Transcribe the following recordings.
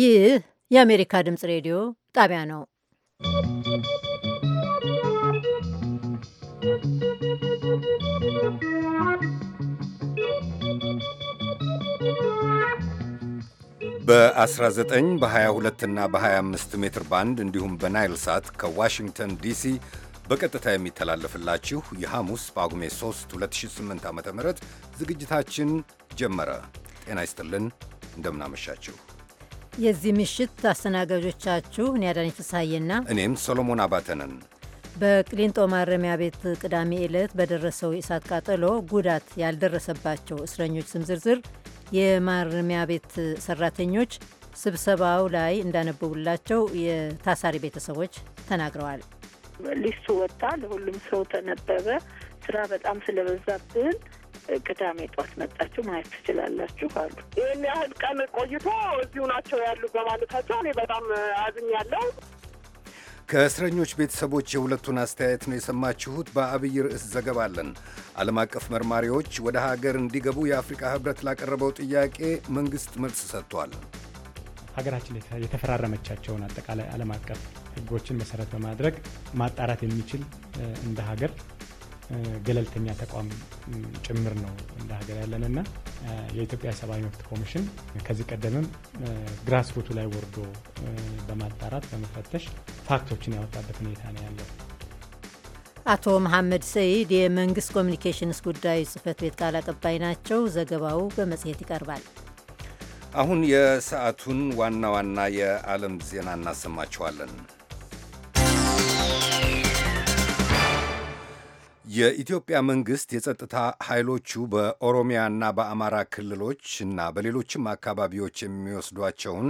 ይህ የአሜሪካ ድምፅ ሬዲዮ ጣቢያ ነው። በ19 በ22 እና በ25 ሜትር ባንድ እንዲሁም በናይል ሳት ከዋሽንግተን ዲሲ በቀጥታ የሚተላለፍላችሁ የሐሙስ ጳጉሜ 3 2008 ዓ ም ዝግጅታችን ጀመረ። ጤና ይስጥልን፣ እንደምናመሻችሁ። የዚህ ምሽት አስተናጋጆቻችሁ እኔ አዳነች ፍስሐዬና እኔም ሰሎሞን አባተንን። በቅሊንጦ ማረሚያ ቤት ቅዳሜ ዕለት በደረሰው የእሳት ቃጠሎ ጉዳት ያልደረሰባቸው እስረኞች ስም ዝርዝር የማረሚያ ቤት ሰራተኞች ስብሰባው ላይ እንዳነበቡላቸው የታሳሪ ቤተሰቦች ተናግረዋል። ሊስቱ ወጣ፣ ለሁሉም ሰው ተነበበ። ስራ በጣም ስለበዛብን ቅዳሜ ጧት መጣችሁ ማየት ትችላላችሁ አሉ። ይህን ያህል ቀን ቆይቶ እዚሁ ናቸው ያሉ በማለታቸው እኔ በጣም አዝኛለሁ። ከእስረኞች ቤተሰቦች የሁለቱን አስተያየት ነው የሰማችሁት። በአብይ ርዕስ ዘገባ አለን። ዓለም አቀፍ መርማሪዎች ወደ ሀገር እንዲገቡ የአፍሪካ ሕብረት ላቀረበው ጥያቄ መንግሥት መልስ ሰጥቷል። ሀገራችን የተፈራረመቻቸውን አጠቃላይ ዓለም አቀፍ ሕጎችን መሰረት በማድረግ ማጣራት የሚችል እንደ ሀገር ገለልተኛ ተቋም ጭምር ነው እንደ ሀገር ያለንና የኢትዮጵያ ሰብአዊ መብት ኮሚሽን ከዚህ ቀደምም ግራስ ላይ ወርዶ በማጣራት በመፈተሽ ፋክቶችን ያወጣበት ሁኔታ ነው ያለው። አቶ መሐመድ ሰይድ የመንግስት ኮሚኒኬሽንስ ጉዳዮች ጽህፈት ቤት ቃል አቀባይ ናቸው። ዘገባው በመጽሔት ይቀርባል። አሁን የሰዓቱን ዋና ዋና የዓለም ዜና እናሰማችኋለን። የኢትዮጵያ መንግሥት የጸጥታ ኃይሎቹ በኦሮሚያና በአማራ ክልሎች እና በሌሎችም አካባቢዎች የሚወስዷቸውን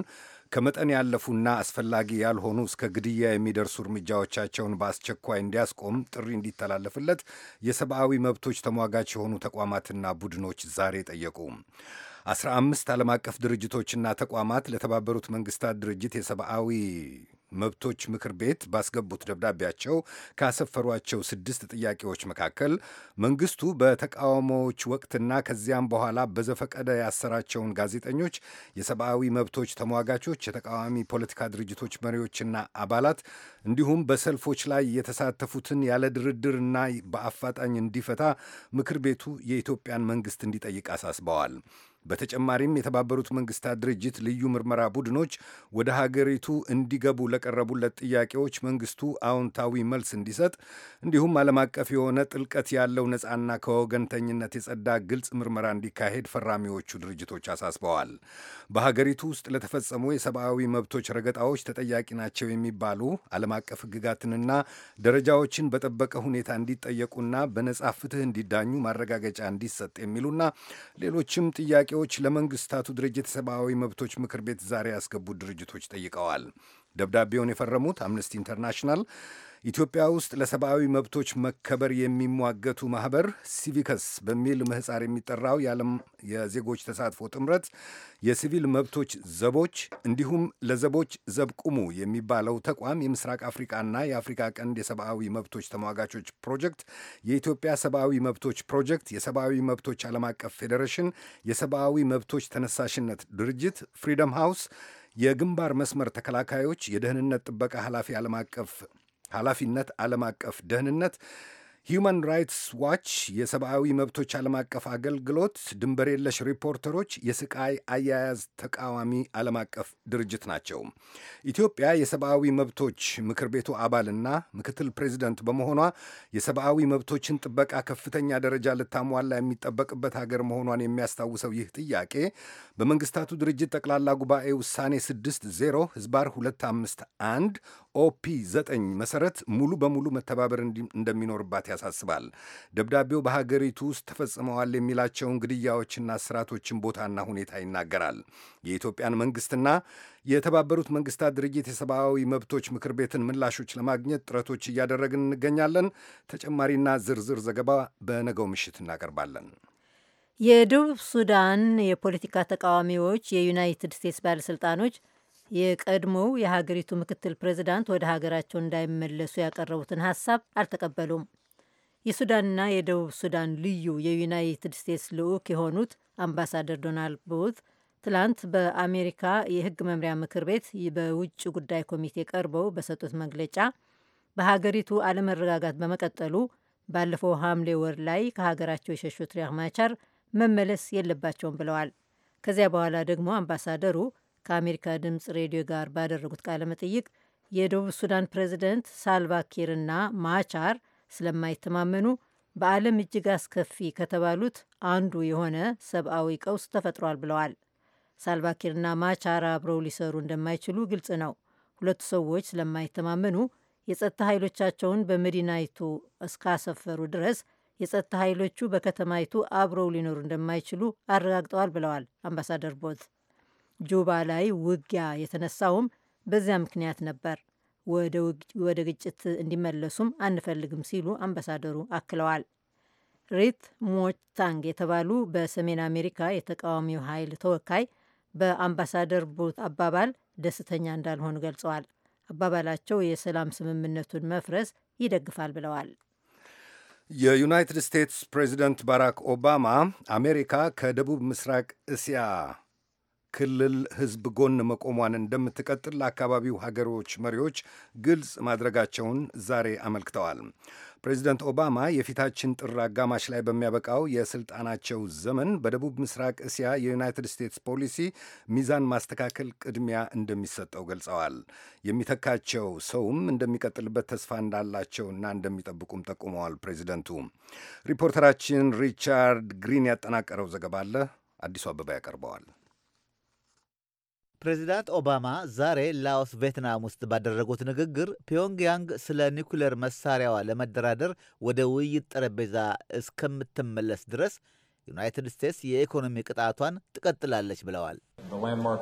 ከመጠን ያለፉና አስፈላጊ ያልሆኑ እስከ ግድያ የሚደርሱ እርምጃዎቻቸውን በአስቸኳይ እንዲያስቆም ጥሪ እንዲተላለፍለት የሰብአዊ መብቶች ተሟጋች የሆኑ ተቋማትና ቡድኖች ዛሬ ጠየቁ። 15 ዓለም አቀፍ ድርጅቶችና ተቋማት ለተባበሩት መንግስታት ድርጅት የሰብአዊ መብቶች ምክር ቤት ባስገቡት ደብዳቤያቸው ካሰፈሯቸው ስድስት ጥያቄዎች መካከል መንግስቱ በተቃውሞዎች ወቅትና ከዚያም በኋላ በዘፈቀደ ያሰራቸውን ጋዜጠኞች፣ የሰብአዊ መብቶች ተሟጋቾች፣ የተቃዋሚ ፖለቲካ ድርጅቶች መሪዎችና አባላት እንዲሁም በሰልፎች ላይ የተሳተፉትን ያለ ድርድርና በአፋጣኝ እንዲፈታ ምክር ቤቱ የኢትዮጵያን መንግስት እንዲጠይቅ አሳስበዋል። በተጨማሪም የተባበሩት መንግስታት ድርጅት ልዩ ምርመራ ቡድኖች ወደ ሀገሪቱ እንዲገቡ ለቀረቡለት ጥያቄዎች መንግስቱ አዎንታዊ መልስ እንዲሰጥ እንዲሁም ዓለም አቀፍ የሆነ ጥልቀት ያለው ነፃና ከወገንተኝነት የጸዳ ግልጽ ምርመራ እንዲካሄድ ፈራሚዎቹ ድርጅቶች አሳስበዋል። በሀገሪቱ ውስጥ ለተፈጸሙ የሰብአዊ መብቶች ረገጣዎች ተጠያቂ ናቸው የሚባሉ ዓለም አቀፍ ሕግጋትንና ደረጃዎችን በጠበቀ ሁኔታ እንዲጠየቁና በነጻ ፍትህ እንዲዳኙ ማረጋገጫ እንዲሰጥ የሚሉና ሌሎችም ጥያቄዎች ለመንግስታቱ ድርጅት የሰብአዊ መብቶች ምክር ቤት ዛሬ ያስገቡ ድርጅቶች ጠይቀዋል። ደብዳቤውን የፈረሙት አምነስቲ ኢንተርናሽናል ኢትዮጵያ ውስጥ ለሰብአዊ መብቶች መከበር የሚሟገቱ ማህበር ሲቪከስ በሚል ምህፃር የሚጠራው የዓለም የዜጎች ተሳትፎ ጥምረት የሲቪል መብቶች ዘቦች እንዲሁም ለዘቦች ዘብ ቁሙ የሚባለው ተቋም የምስራቅ አፍሪቃና የአፍሪካ ቀንድ የሰብአዊ መብቶች ተሟጋቾች ፕሮጀክት፣ የኢትዮጵያ ሰብአዊ መብቶች ፕሮጀክት፣ የሰብአዊ መብቶች ዓለም አቀፍ ፌዴሬሽን፣ የሰብአዊ መብቶች ተነሳሽነት ድርጅት፣ ፍሪደም ሃውስ የግንባር መስመር ተከላካዮች፣ የደህንነት ጥበቃ ኃላፊ ዓለም አቀፍ ኃላፊነት ዓለም አቀፍ ደህንነት ሂዩማን ራይትስ ዋች፣ የሰብአዊ መብቶች ዓለም አቀፍ አገልግሎት፣ ድንበር የለሽ ሪፖርተሮች፣ የስቃይ አያያዝ ተቃዋሚ ዓለም አቀፍ ድርጅት ናቸው። ኢትዮጵያ የሰብአዊ መብቶች ምክር ቤቱ አባልና ምክትል ፕሬዚደንት በመሆኗ የሰብአዊ መብቶችን ጥበቃ ከፍተኛ ደረጃ ልታሟላ የሚጠበቅበት ሀገር መሆኗን የሚያስታውሰው ይህ ጥያቄ በመንግስታቱ ድርጅት ጠቅላላ ጉባኤ ውሳኔ 6 0 ህዝባር 251 ኦፒ ዘጠኝ መሰረት ሙሉ በሙሉ መተባበር እንደሚኖርባት ያሳስባል። ደብዳቤው በሀገሪቱ ውስጥ ተፈጽመዋል የሚላቸውን ግድያዎችና ስርዓቶችን ቦታና ሁኔታ ይናገራል። የኢትዮጵያን መንግስትና የተባበሩት መንግስታት ድርጅት የሰብአዊ መብቶች ምክር ቤትን ምላሾች ለማግኘት ጥረቶች እያደረግን እንገኛለን። ተጨማሪና ዝርዝር ዘገባ በነገው ምሽት እናቀርባለን። የደቡብ ሱዳን የፖለቲካ ተቃዋሚዎች የዩናይትድ ስቴትስ ባለሥልጣኖች የቀድሞው የሀገሪቱ ምክትል ፕሬዚዳንት ወደ ሀገራቸው እንዳይመለሱ ያቀረቡትን ሀሳብ አልተቀበሉም። የሱዳንና የደቡብ ሱዳን ልዩ የዩናይትድ ስቴትስ ልዑክ የሆኑት አምባሳደር ዶናልድ ቡት ትላንት በአሜሪካ የሕግ መምሪያ ምክር ቤት በውጭ ጉዳይ ኮሚቴ ቀርበው በሰጡት መግለጫ በሀገሪቱ አለመረጋጋት በመቀጠሉ ባለፈው ሐምሌ ወር ላይ ከሀገራቸው የሸሹት ሪያክ ማቻር መመለስ የለባቸውም ብለዋል። ከዚያ በኋላ ደግሞ አምባሳደሩ ከአሜሪካ ድምፅ ሬዲዮ ጋር ባደረጉት ቃለ መጠይቅ የደቡብ ሱዳን ፕሬዚደንት ሳልቫኪርና ማቻር ስለማይተማመኑ በዓለም እጅግ አስከፊ ከተባሉት አንዱ የሆነ ሰብአዊ ቀውስ ተፈጥሯል ብለዋል። ሳልቫኪርና ማቻር አብረው ሊሰሩ እንደማይችሉ ግልጽ ነው። ሁለቱ ሰዎች ስለማይተማመኑ የጸጥታ ኃይሎቻቸውን በመዲናይቱ እስካሰፈሩ ድረስ የጸጥታ ኃይሎቹ በከተማይቱ አብረው ሊኖሩ እንደማይችሉ አረጋግጠዋል ብለዋል አምባሳደር ቦት ጁባ ላይ ውጊያ የተነሳውም በዚያ ምክንያት ነበር። ወደ ግጭት እንዲመለሱም አንፈልግም ሲሉ አምባሳደሩ አክለዋል። ሪት ሞታንግ የተባሉ በሰሜን አሜሪካ የተቃዋሚው ኃይል ተወካይ በአምባሳደር ቡት አባባል ደስተኛ እንዳልሆኑ ገልጸዋል። አባባላቸው የሰላም ስምምነቱን መፍረስ ይደግፋል ብለዋል። የዩናይትድ ስቴትስ ፕሬዚደንት ባራክ ኦባማ አሜሪካ ከደቡብ ምስራቅ እስያ ክልል ህዝብ ጎን መቆሟን እንደምትቀጥል ለአካባቢው ሀገሮች መሪዎች ግልጽ ማድረጋቸውን ዛሬ አመልክተዋል። ፕሬዚደንት ኦባማ የፊታችን ጥር አጋማሽ ላይ በሚያበቃው የስልጣናቸው ዘመን በደቡብ ምስራቅ እስያ የዩናይትድ ስቴትስ ፖሊሲ ሚዛን ማስተካከል ቅድሚያ እንደሚሰጠው ገልጸዋል። የሚተካቸው ሰውም እንደሚቀጥልበት ተስፋ እንዳላቸውና እንደሚጠብቁም ጠቁመዋል። ፕሬዚደንቱ ሪፖርተራችን ሪቻርድ ግሪን ያጠናቀረው ዘገባ አለ። አዲሱ አበባ ያቀርበዋል። ፕሬዚዳንት ኦባማ ዛሬ ላኦስ ቬትናም ውስጥ ባደረጉት ንግግር ፒዮንግያንግ ስለ ኒኩሌር መሳሪያዋ ለመደራደር ወደ ውይይት ጠረጴዛ እስከምትመለስ ድረስ ዩናይትድ ስቴትስ የኢኮኖሚ ቅጣቷን ትቀጥላለች ብለዋል። uh,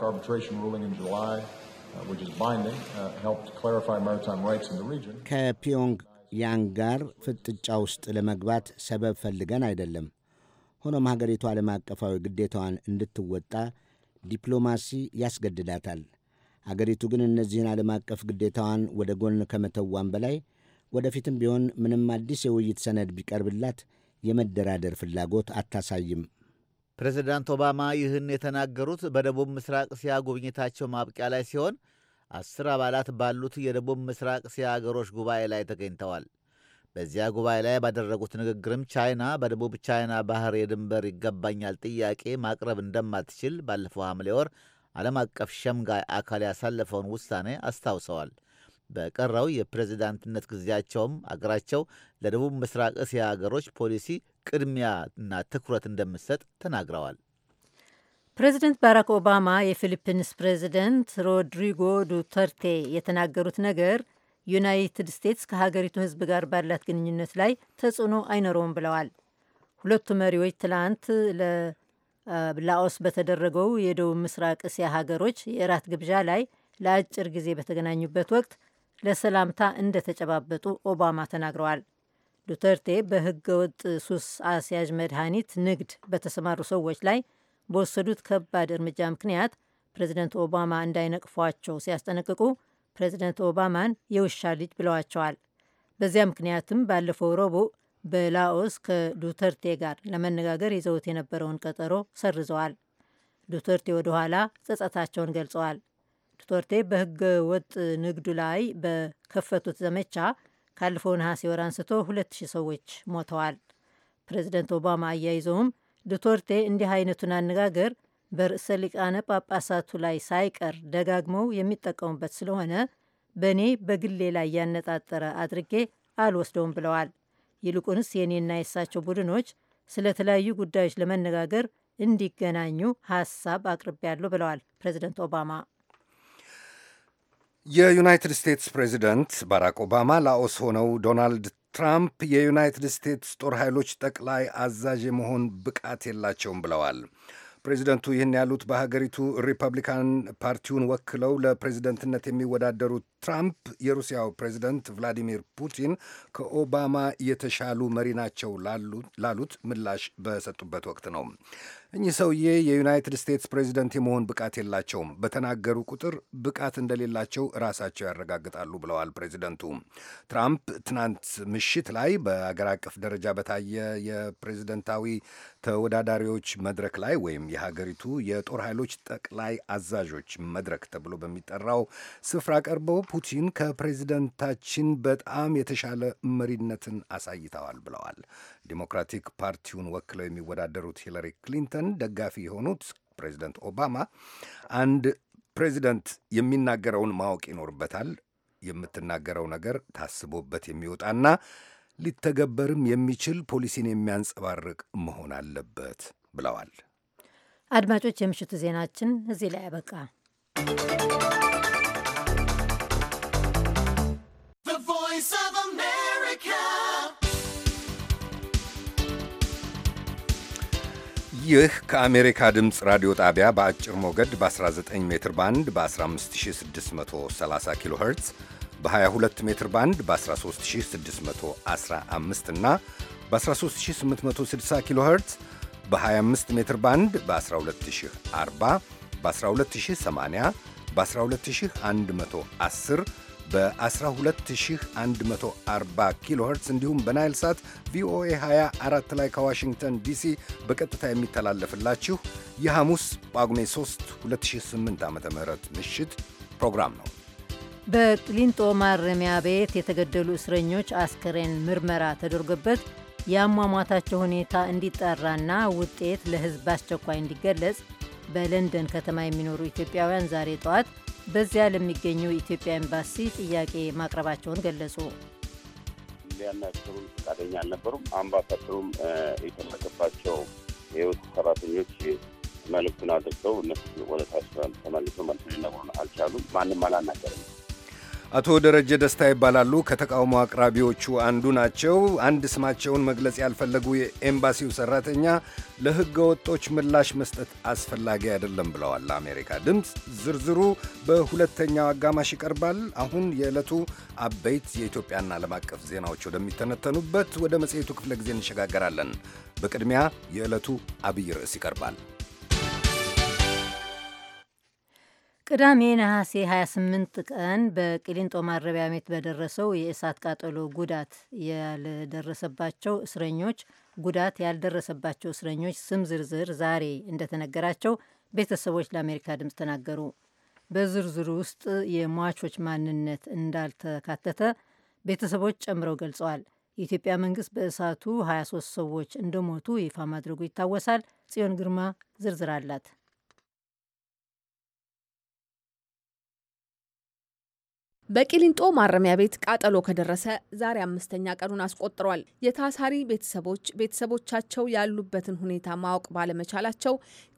uh, ከፒዮንግ ያንግ ጋር ፍጥጫ ውስጥ ለመግባት ሰበብ ፈልገን አይደለም። ሆኖም ሀገሪቱ ዓለም አቀፋዊ ግዴታዋን እንድትወጣ ዲፕሎማሲ ያስገድዳታል። አገሪቱ ግን እነዚህን ዓለም አቀፍ ግዴታዋን ወደ ጎን ከመተዋም በላይ ወደፊትም ቢሆን ምንም አዲስ የውይይት ሰነድ ቢቀርብላት የመደራደር ፍላጎት አታሳይም። ፕሬዝዳንት ኦባማ ይህን የተናገሩት በደቡብ ምስራቅ እስያ ጉብኝታቸው ማብቂያ ላይ ሲሆን አስር አባላት ባሉት የደቡብ ምስራቅ እስያ አገሮች ጉባኤ ላይ ተገኝተዋል። በዚያ ጉባኤ ላይ ባደረጉት ንግግርም ቻይና በደቡብ ቻይና ባህር የድንበር ይገባኛል ጥያቄ ማቅረብ እንደማትችል ባለፈው ሐምሌ ወር ዓለም አቀፍ ሸምጋይ አካል ያሳለፈውን ውሳኔ አስታውሰዋል። በቀረው የፕሬዝዳንትነት ጊዜያቸውም አገራቸው ለደቡብ ምስራቅ እስያ አገሮች ፖሊሲ ና ትኩረት እንደምትሰጥ ተናግረዋል። ፕሬዚደንት ባራክ ኦባማ የፊሊፒንስ ፕሬዚደንት ሮድሪጎ ዱተርቴ የተናገሩት ነገር ዩናይትድ ስቴትስ ከሀገሪቱ ህዝብ ጋር ባላት ግንኙነት ላይ ተጽዕኖ አይኖረውም ብለዋል። ሁለቱ መሪዎች ትላንት ላኦስ በተደረገው የደቡብ ምስራቅ እስያ ሀገሮች የእራት ግብዣ ላይ ለአጭር ጊዜ በተገናኙበት ወቅት ለሰላምታ እንደተጨባበጡ ኦባማ ተናግረዋል። ዱተርቴ በህገ ወጥ ሱስ አስያዥ መድኃኒት ንግድ በተሰማሩ ሰዎች ላይ በወሰዱት ከባድ እርምጃ ምክንያት ፕሬዚደንት ኦባማ እንዳይነቅፏቸው ሲያስጠነቅቁ ፕሬዚደንት ኦባማን የውሻ ልጅ ብለዋቸዋል። በዚያ ምክንያትም ባለፈው ረቡዕ በላኦስ ከዱተርቴ ጋር ለመነጋገር ይዘውት የነበረውን ቀጠሮ ሰርዘዋል። ዱተርቴ ወደ ኋላ ጸጸታቸውን ገልጸዋል። ዱተርቴ በህገ ወጥ ንግዱ ላይ በከፈቱት ዘመቻ ካለፈው ነሐሴ ወር አንስቶ ሁለት ሺህ ሰዎች ሞተዋል። ፕሬዚደንት ኦባማ አያይዘውም ዱተርቴ እንዲህ አይነቱን አነጋገር በርዕሰ ሊቃነ ጳጳሳቱ ላይ ሳይቀር ደጋግመው የሚጠቀሙበት ስለሆነ በእኔ በግሌ ላይ ያነጣጠረ አድርጌ አልወስደውም ብለዋል። ይልቁንስ የእኔና የእሳቸው ቡድኖች ስለ ተለያዩ ጉዳዮች ለመነጋገር እንዲገናኙ ሀሳብ አቅርቤያለሁ ብለዋል ፕሬዚደንት ኦባማ። የዩናይትድ ስቴትስ ፕሬዚደንት ባራክ ኦባማ ላኦስ ሆነው ዶናልድ ትራምፕ የዩናይትድ ስቴትስ ጦር ኃይሎች ጠቅላይ አዛዥ የመሆን ብቃት የላቸውም ብለዋል። ፕሬዚደንቱ ይህን ያሉት በሀገሪቱ ሪፐብሊካን ፓርቲውን ወክለው ለፕሬዚደንትነት የሚወዳደሩት ትራምፕ የሩሲያው ፕሬዚደንት ቭላዲሚር ፑቲን ከኦባማ የተሻሉ መሪ ናቸው ላሉት ምላሽ በሰጡበት ወቅት ነው። እኚህ ሰውዬ የዩናይትድ ስቴትስ ፕሬዚደንት የመሆን ብቃት የላቸውም፣ በተናገሩ ቁጥር ብቃት እንደሌላቸው ራሳቸው ያረጋግጣሉ ብለዋል ፕሬዚደንቱ። ትራምፕ ትናንት ምሽት ላይ በአገር አቀፍ ደረጃ በታየ የፕሬዚደንታዊ ተወዳዳሪዎች መድረክ ላይ ወይም የሀገሪቱ የጦር ኃይሎች ጠቅላይ አዛዦች መድረክ ተብሎ በሚጠራው ስፍራ ቀርበው ፑቲን ከፕሬዚደንታችን በጣም የተሻለ መሪነትን አሳይተዋል ብለዋል። ዲሞክራቲክ ፓርቲውን ወክለው የሚወዳደሩት ሂለሪ ክሊንተን ክሊንተን ደጋፊ የሆኑት ፕሬዚደንት ኦባማ አንድ ፕሬዚደንት የሚናገረውን ማወቅ ይኖርበታል። የምትናገረው ነገር ታስቦበት የሚወጣና ሊተገበርም የሚችል ፖሊሲን የሚያንጸባርቅ መሆን አለበት ብለዋል። አድማጮች፣ የምሽቱ ዜናችን እዚህ ላይ አበቃ። ይህ ከአሜሪካ ድምፅ ራዲዮ ጣቢያ በአጭር ሞገድ በ19 ሜትር ባንድ በ15630 ኪሎ ኸርትዝ በ22 ሜትር ባንድ በ13615 እና በ13860 ኪሎ ኸርትዝ በ25 ሜትር ባንድ በ12040 በ12080 በ12110 በ12140 ኪሎ ኸርትዝ እንዲሁም በናይል ሳት ቪኦኤ 24 ላይ ከዋሽንግተን ዲሲ በቀጥታ የሚተላለፍላችሁ የሐሙስ ጳጉሜ 3 2008 ዓ ም ምሽት ፕሮግራም ነው። በቅሊንጦ ማረሚያ ቤት የተገደሉ እስረኞች አስከሬን ምርመራ ተደርጎበት የአሟሟታቸው ሁኔታ እንዲጠራና ውጤት ለሕዝብ አስቸኳይ እንዲገለጽ በለንደን ከተማ የሚኖሩ ኢትዮጵያውያን ዛሬ ጠዋት በዚያ ለሚገኙ ኢትዮጵያ ኤምባሲ ጥያቄ ማቅረባቸውን ገለጹ። ሊያናገሩን ፈቃደኛ አልነበሩም። አምባሳደሩም የተላከባቸው የህይወት ሰራተኞች መልእክቱን አድርገው እነሱ ወደ ታች ተመልሶ መልስ ሊነግሩን አልቻሉም። ማንም አላናገርም። አቶ ደረጀ ደስታ ይባላሉ። ከተቃውሞ አቅራቢዎቹ አንዱ ናቸው። አንድ ስማቸውን መግለጽ ያልፈለጉ የኤምባሲው ሰራተኛ ለሕገ ወጦች ምላሽ መስጠት አስፈላጊ አይደለም ብለዋል ለአሜሪካ ድምፅ። ዝርዝሩ በሁለተኛው አጋማሽ ይቀርባል። አሁን የዕለቱ አበይት የኢትዮጵያና ዓለም አቀፍ ዜናዎች ወደሚተነተኑበት ወደ መጽሔቱ ክፍለ ጊዜ እንሸጋገራለን። በቅድሚያ የዕለቱ አብይ ርዕስ ይቀርባል። ቅዳሜ ነሐሴ 28 ቀን በቅሊንጦ ማረቢያ ቤት በደረሰው የእሳት ቃጠሎ ጉዳት ያልደረሰባቸው እስረኞች ጉዳት ያልደረሰባቸው እስረኞች ስም ዝርዝር ዛሬ እንደተነገራቸው ቤተሰቦች ለአሜሪካ ድምፅ ተናገሩ። በዝርዝሩ ውስጥ የሟቾች ማንነት እንዳልተካተተ ቤተሰቦች ጨምረው ገልጸዋል። የኢትዮጵያ መንግስት በእሳቱ 23 ሰዎች እንደሞቱ ይፋ ማድረጉ ይታወሳል። ጽዮን ግርማ ዝርዝር አላት። በቂሊንጦ ማረሚያ ቤት ቃጠሎ ከደረሰ ዛሬ አምስተኛ ቀኑን አስቆጥሯል። የታሳሪ ቤተሰቦች ቤተሰቦቻቸው ያሉበትን ሁኔታ ማወቅ ባለመቻላቸው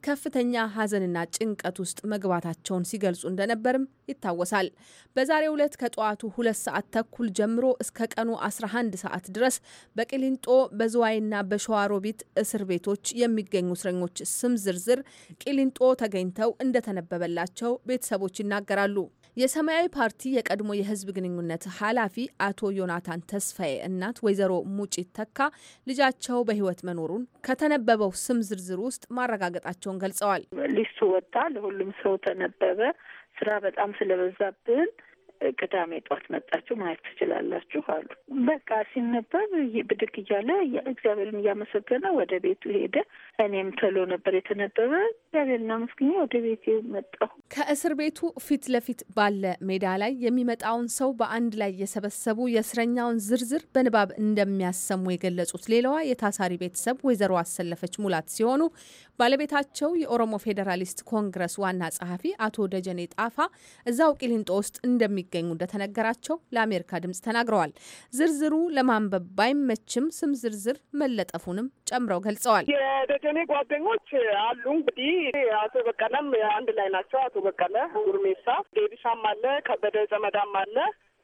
ከፍተኛ ሐዘንና ጭንቀት ውስጥ መግባታቸውን ሲገልጹ እንደነበርም ይታወሳል። በዛሬው ዕለት ከጠዋቱ ሁለት ሰዓት ተኩል ጀምሮ እስከ ቀኑ 11 ሰዓት ድረስ በቂሊንጦ በዝዋይና በሸዋሮቢት እስር ቤቶች የሚገኙ እስረኞች ስም ዝርዝር ቂሊንጦ ተገኝተው እንደተነበበላቸው ቤተሰቦች ይናገራሉ። የሰማያዊ ፓርቲ የቀድሞ የህዝብ ግንኙነት ኃላፊ አቶ ዮናታን ተስፋዬ እናት ወይዘሮ ሙጪት ተካ ልጃቸው በህይወት መኖሩን ከተነበበው ስም ዝርዝር ውስጥ ማረጋገጣቸውን ገልጸዋል። ሊስቱ ወጣ፣ ለሁሉም ሰው ተነበበ። ስራ በጣም ስለበዛብን ቅዳሜ ጠዋት መጣችሁ ማየት ትችላላችሁ አሉ። በቃ ሲነበብ ብድግ እያለ እግዚአብሔርን እያመሰገነ ወደ ቤቱ ሄደ። እኔም ቶሎ ነበር የተነበበ። እግዚአብሔርን አመስግኜ ወደ ቤቴ መጣሁ። ከእስር ቤቱ ፊት ለፊት ባለ ሜዳ ላይ የሚመጣውን ሰው በአንድ ላይ የሰበሰቡ የእስረኛውን ዝርዝር በንባብ እንደሚያሰሙ የገለጹት ሌላዋ የታሳሪ ቤተሰብ ወይዘሮ አሰለፈች ሙላት ሲሆኑ ባለቤታቸው የኦሮሞ ፌዴራሊስት ኮንግረስ ዋና ጸሐፊ አቶ ደጀኔ ጣፋ እዛው ቂሊንጦ ውስጥ እንደሚ እንደሚገኙ እንደተነገራቸው ለአሜሪካ ድምጽ ተናግረዋል። ዝርዝሩ ለማንበብ ባይመችም ስም ዝርዝር መለጠፉንም ጨምረው ገልጸዋል። የደጀኔ ጓደኞች አሉ እንግዲህ አቶ በቀለም አንድ ላይ ናቸው። አቶ በቀለ ጉርሜሳ፣ ዴቢሳም አለ፣ ከበደ ዘመዳም አለ፣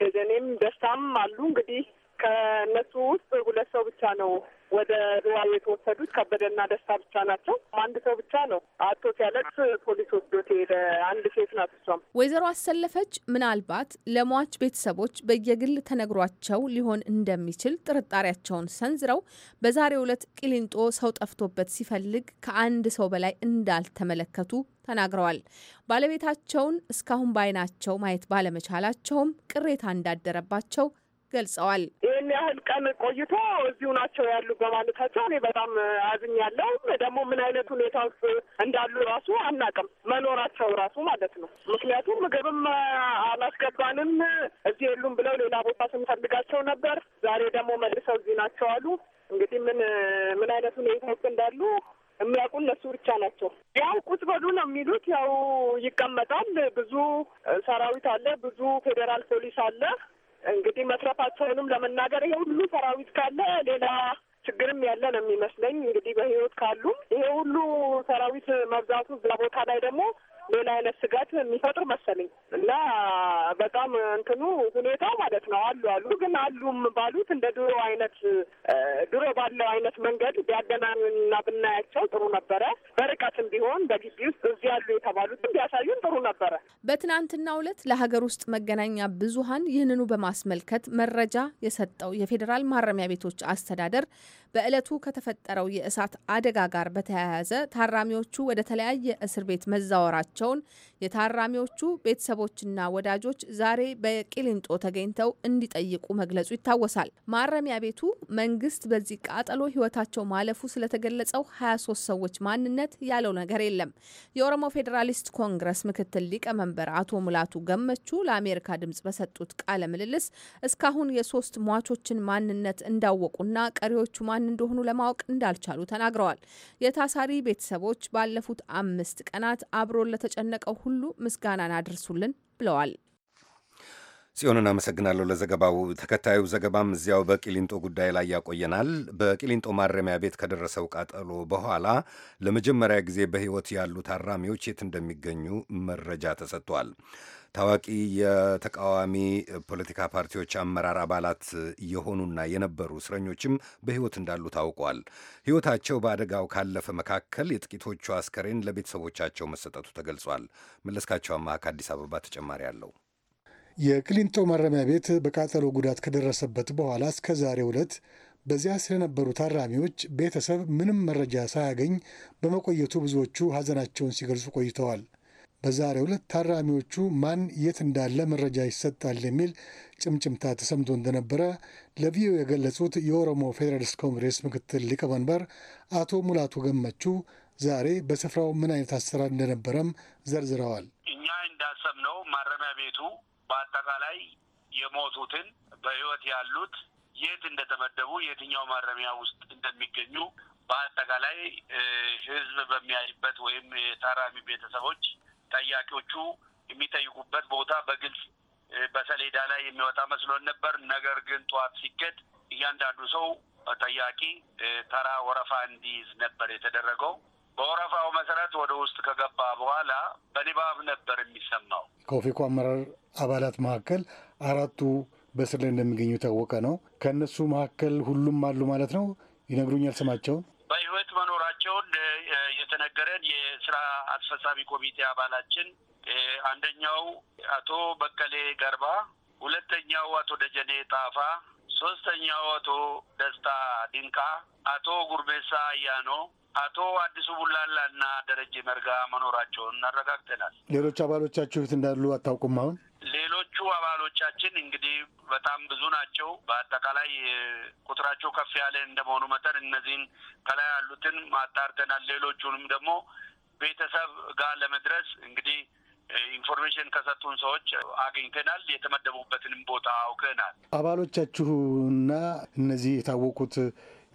ደጀኔም ደስታም አሉ እንግዲህ ከእነሱ ውስጥ ሁለት ሰው ብቻ ነው ወደ ሩዋ የተወሰዱት። ከበደና ደስታ ብቻ ናቸው። አንድ ሰው ብቻ ነው አቶ ሲያለቅስ ፖሊስ ወስዶት ሄደ። አንድ ሴት ናት። እሷም ወይዘሮ አሰለፈች ምናልባት ለሟች ቤተሰቦች በየግል ተነግሯቸው ሊሆን እንደሚችል ጥርጣሬያቸውን ሰንዝረው በዛሬው ዕለት ቂሊንጦ ሰው ጠፍቶበት ሲፈልግ ከአንድ ሰው በላይ እንዳልተመለከቱ ተናግረዋል። ባለቤታቸውን እስካሁን ባይናቸው ማየት ባለመቻላቸውም ቅሬታ እንዳደረባቸው ገልጸዋል። ይህን ያህል ቀን ቆይቶ እዚሁ ናቸው ያሉ በማለታቸው እኔ በጣም አዝኛለሁ። ደግሞ ምን አይነት ሁኔታ እንዳሉ ራሱ አናቅም፣ መኖራቸው ራሱ ማለት ነው። ምክንያቱም ምግብም አላስገባንም፣ እዚህ የሉም ብለው ሌላ ቦታ ስንፈልጋቸው ነበር። ዛሬ ደግሞ መልሰው እዚህ ናቸው አሉ። እንግዲህ ምን ምን አይነት ሁኔታ ውስጥ እንዳሉ የሚያውቁ እነሱ ብቻ ናቸው። ያው ቁጭ በሉ ነው የሚሉት። ያው ይቀመጣል። ብዙ ሰራዊት አለ፣ ብዙ ፌዴራል ፖሊስ አለ። እንግዲህ መትረፋቸውንም ለመናገር ይሄ ሁሉ ሰራዊት ካለ ሌላ ችግርም ያለ ነው የሚመስለኝ። እንግዲህ በህይወት ካሉ ይሄ ሁሉ ሰራዊት መብዛቱ እዛ ቦታ ላይ ደግሞ ሌላ አይነት ስጋት የሚፈጥር መሰለኝ እና በጣም እንትኑ ሁኔታው ማለት ነው አሉ አሉ ግን አሉም ባሉት እንደ ድሮ አይነት ድሮ ባለው አይነት መንገድ ቢያገናኙና ብናያቸው ጥሩ ነበረ። በርቀትም ቢሆን በግቢ ውስጥ እዚህ ያሉ የተባሉትም ቢያሳዩን ጥሩ ነበረ። በትናንትናው ዕለት ለሀገር ውስጥ መገናኛ ብዙሀን ይህንኑ በማስመልከት መረጃ የሰጠው የፌዴራል ማረሚያ ቤቶች አስተዳደር በዕለቱ ከተፈጠረው የእሳት አደጋ ጋር በተያያዘ ታራሚዎቹ ወደ ተለያየ እስር ቤት መዛወራቸውን የታራሚዎቹ ቤተሰቦችና ወዳጆች ዛሬ በቂሊንጦ ተገኝተው እንዲጠይቁ መግለጹ ይታወሳል። ማረሚያ ቤቱ መንግስት በዚህ ቃጠሎ ህይወታቸው ማለፉ ስለተገለጸው 23 ሰዎች ማንነት ያለው ነገር የለም። የኦሮሞ ፌዴራሊስት ኮንግረስ ምክትል ሊቀመንበር አቶ ሙላቱ ገመቹ ለአሜሪካ ድምጽ በሰጡት ቃለ ምልልስ እስካሁን የሶስት ሟቾችን ማንነት እንዳወቁና ቀሪዎቹ ማን እንደሆኑ ለማወቅ እንዳልቻሉ ተናግረዋል። የታሳሪ ቤተሰቦች ባለፉት አምስት ቀናት አብሮ ለተጨነቀው ሁሉ ምስጋናን አድርሱልን ብለዋል። ጽዮንን አመሰግናለሁ ለዘገባው። ተከታዩ ዘገባም እዚያው በቂሊንጦ ጉዳይ ላይ ያቆየናል። በቂሊንጦ ማረሚያ ቤት ከደረሰው ቃጠሎ በኋላ ለመጀመሪያ ጊዜ በሕይወት ያሉ ታራሚዎች የት እንደሚገኙ መረጃ ተሰጥቷል። ታዋቂ የተቃዋሚ ፖለቲካ ፓርቲዎች አመራር አባላት የሆኑና የነበሩ እስረኞችም በሕይወት እንዳሉ ታውቋል። ሕይወታቸው በአደጋው ካለፈ መካከል የጥቂቶቹ አስከሬን ለቤተሰቦቻቸው መሰጠቱ ተገልጿል። መለስካቸው አማሃ ከአዲስ አበባ ተጨማሪ አለው። የክሊንቶ ማረሚያ ቤት በቃጠሎ ጉዳት ከደረሰበት በኋላ እስከ ዛሬ ዕለት በዚያ ስለነበሩ ታራሚዎች ቤተሰብ ምንም መረጃ ሳያገኝ በመቆየቱ ብዙዎቹ ሐዘናቸውን ሲገልጹ ቆይተዋል። በዛሬው ዕለት ታራሚዎቹ ማን የት እንዳለ መረጃ ይሰጣል የሚል ጭምጭምታ ተሰምቶ እንደነበረ ለቪኦኤ የገለጹት የኦሮሞ ፌዴራሊስት ኮንግሬስ ምክትል ሊቀመንበር አቶ ሙላቱ ገመቹ ዛሬ በስፍራው ምን አይነት አሰራር እንደነበረም ዘርዝረዋል። እኛ እንዳሰብነው ማረሚያ ቤቱ በአጠቃላይ የሞቱትን በህይወት ያሉት የት እንደተመደቡ የትኛው ማረሚያ ውስጥ እንደሚገኙ በአጠቃላይ ህዝብ በሚያይበት ወይም የታራሚ ቤተሰቦች ጠያቂዎቹ የሚጠይቁበት ቦታ በግልጽ በሰሌዳ ላይ የሚወጣ መስሎን ነበር። ነገር ግን ጠዋት ሲገድ እያንዳንዱ ሰው ጠያቂ ተራ ወረፋ እንዲይዝ ነበር የተደረገው። በወረፋው መሰረት ወደ ውስጥ ከገባ በኋላ በንባብ ነበር የሚሰማው። ከኦፌኮ አመራር አባላት መካከል አራቱ በእስር ላይ እንደሚገኙ የታወቀ ነው። ከእነሱ መካከል ሁሉም አሉ ማለት ነው። ይነግሩኛል ስማቸውን በህይወት መኖራቸውን የተነገረን የስራ አስፈጻሚ ኮሚቴ አባላችን አንደኛው አቶ በቀሌ ገርባ፣ ሁለተኛው አቶ ደጀኔ ጣፋ፣ ሶስተኛው አቶ ደስታ ድንቃ፣ አቶ ጉርሜሳ አያኖ፣ አቶ አዲሱ ቡላላ እና ደረጀ መርጋ መኖራቸውን አረጋግጠናል። ሌሎች አባሎቻችሁ የት እንዳሉ አታውቁም? አሁን ሌሎቹ አባሎቻችን እንግዲህ በጣም ብዙ ናቸው። በአጠቃላይ ቁጥራቸው ከፍ ያለ እንደመሆኑ መጠን እነዚህን ከላይ ያሉትን ማጣርተናል። ሌሎቹንም ደግሞ ቤተሰብ ጋር ለመድረስ እንግዲህ ኢንፎርሜሽን ከሰጡን ሰዎች አግኝተናል። የተመደቡበትንም ቦታ አውቀናል። አባሎቻችሁና እነዚህ የታወቁት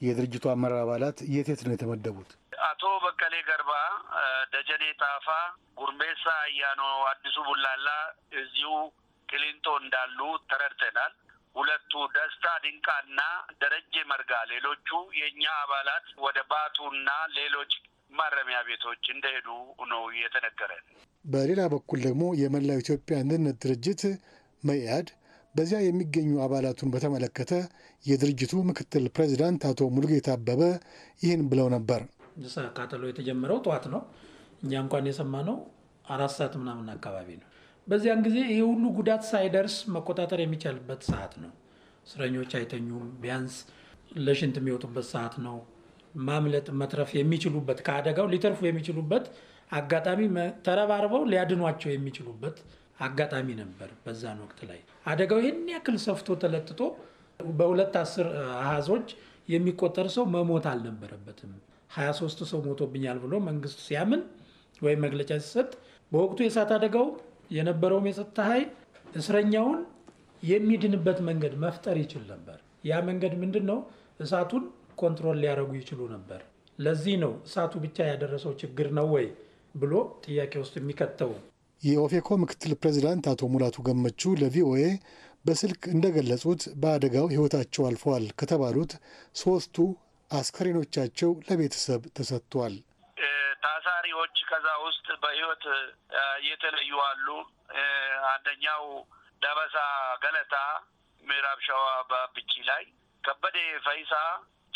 የድርጅቱ አመራር አባላት የት የት ነው የተመደቡት? አቶ በቀሌ ገርባ፣ ደጀኔ ጣፋ፣ ጉርሜሳ አያኖ፣ አዲሱ ቡላላ እዚሁ ቅሊንጦ እንዳሉ ተረድተናል። ሁለቱ ደስታ ድንቃና ደረጀ መርጋ ሌሎቹ የእኛ አባላት ወደ ባቱና ሌሎች ማረሚያ ቤቶች እንደሄዱ ነው እየተነገረ። በሌላ በኩል ደግሞ የመላው ኢትዮጵያ አንድነት ድርጅት መኢአድ በዚያ የሚገኙ አባላቱን በተመለከተ የድርጅቱ ምክትል ፕሬዚዳንት አቶ ሙሉጌታ አበበ ይህን ብለው ነበር። ቃጠሎ የተጀመረው ጠዋት ነው። እኛ እንኳን የሰማነው አራት ሰዓት ምናምን አካባቢ ነው። በዚያን ጊዜ ይህ ሁሉ ጉዳት ሳይደርስ መቆጣጠር የሚቻልበት ሰዓት ነው። እስረኞች አይተኙም። ቢያንስ ለሽንት የሚወጡበት ሰዓት ነው። ማምለጥ መትረፍ የሚችሉበት ከአደጋው ሊተርፉ የሚችሉበት አጋጣሚ ተረባርበው ሊያድኗቸው የሚችሉበት አጋጣሚ ነበር። በዛን ወቅት ላይ አደጋው ይህን ያክል ሰፍቶ ተለጥጦ በሁለት አስር አሃዞች የሚቆጠር ሰው መሞት አልነበረበትም። ሶስት ሰው ሞቶብኛል ብሎ መንግስቱ ሲያምን ወይም መግለጫ ሲሰጥ በወቅቱ የእሳት አደጋው የነበረውም የጸጥታ ኃይል እስረኛውን የሚድንበት መንገድ መፍጠር ይችል ነበር። ያ መንገድ ምንድን ነው? እሳቱን ኮንትሮል ሊያደርጉ ይችሉ ነበር። ለዚህ ነው እሳቱ ብቻ ያደረሰው ችግር ነው ወይ ብሎ ጥያቄ ውስጥ የሚከተው። የኦፌኮ ምክትል ፕሬዚዳንት አቶ ሙላቱ ገመቹ ለቪኦኤ በስልክ እንደገለጹት በአደጋው ሕይወታቸው አልፈዋል ከተባሉት ሶስቱ አስከሬኖቻቸው ለቤተሰብ ተሰጥቷል። ታሳሪዎች ከዛ ውስጥ በህይወት እየተለዩ አሉ። አንደኛው ደበሳ ገለታ ምዕራብ ሸዋ ባብቺ ላይ፣ ከበደ ፈይሳ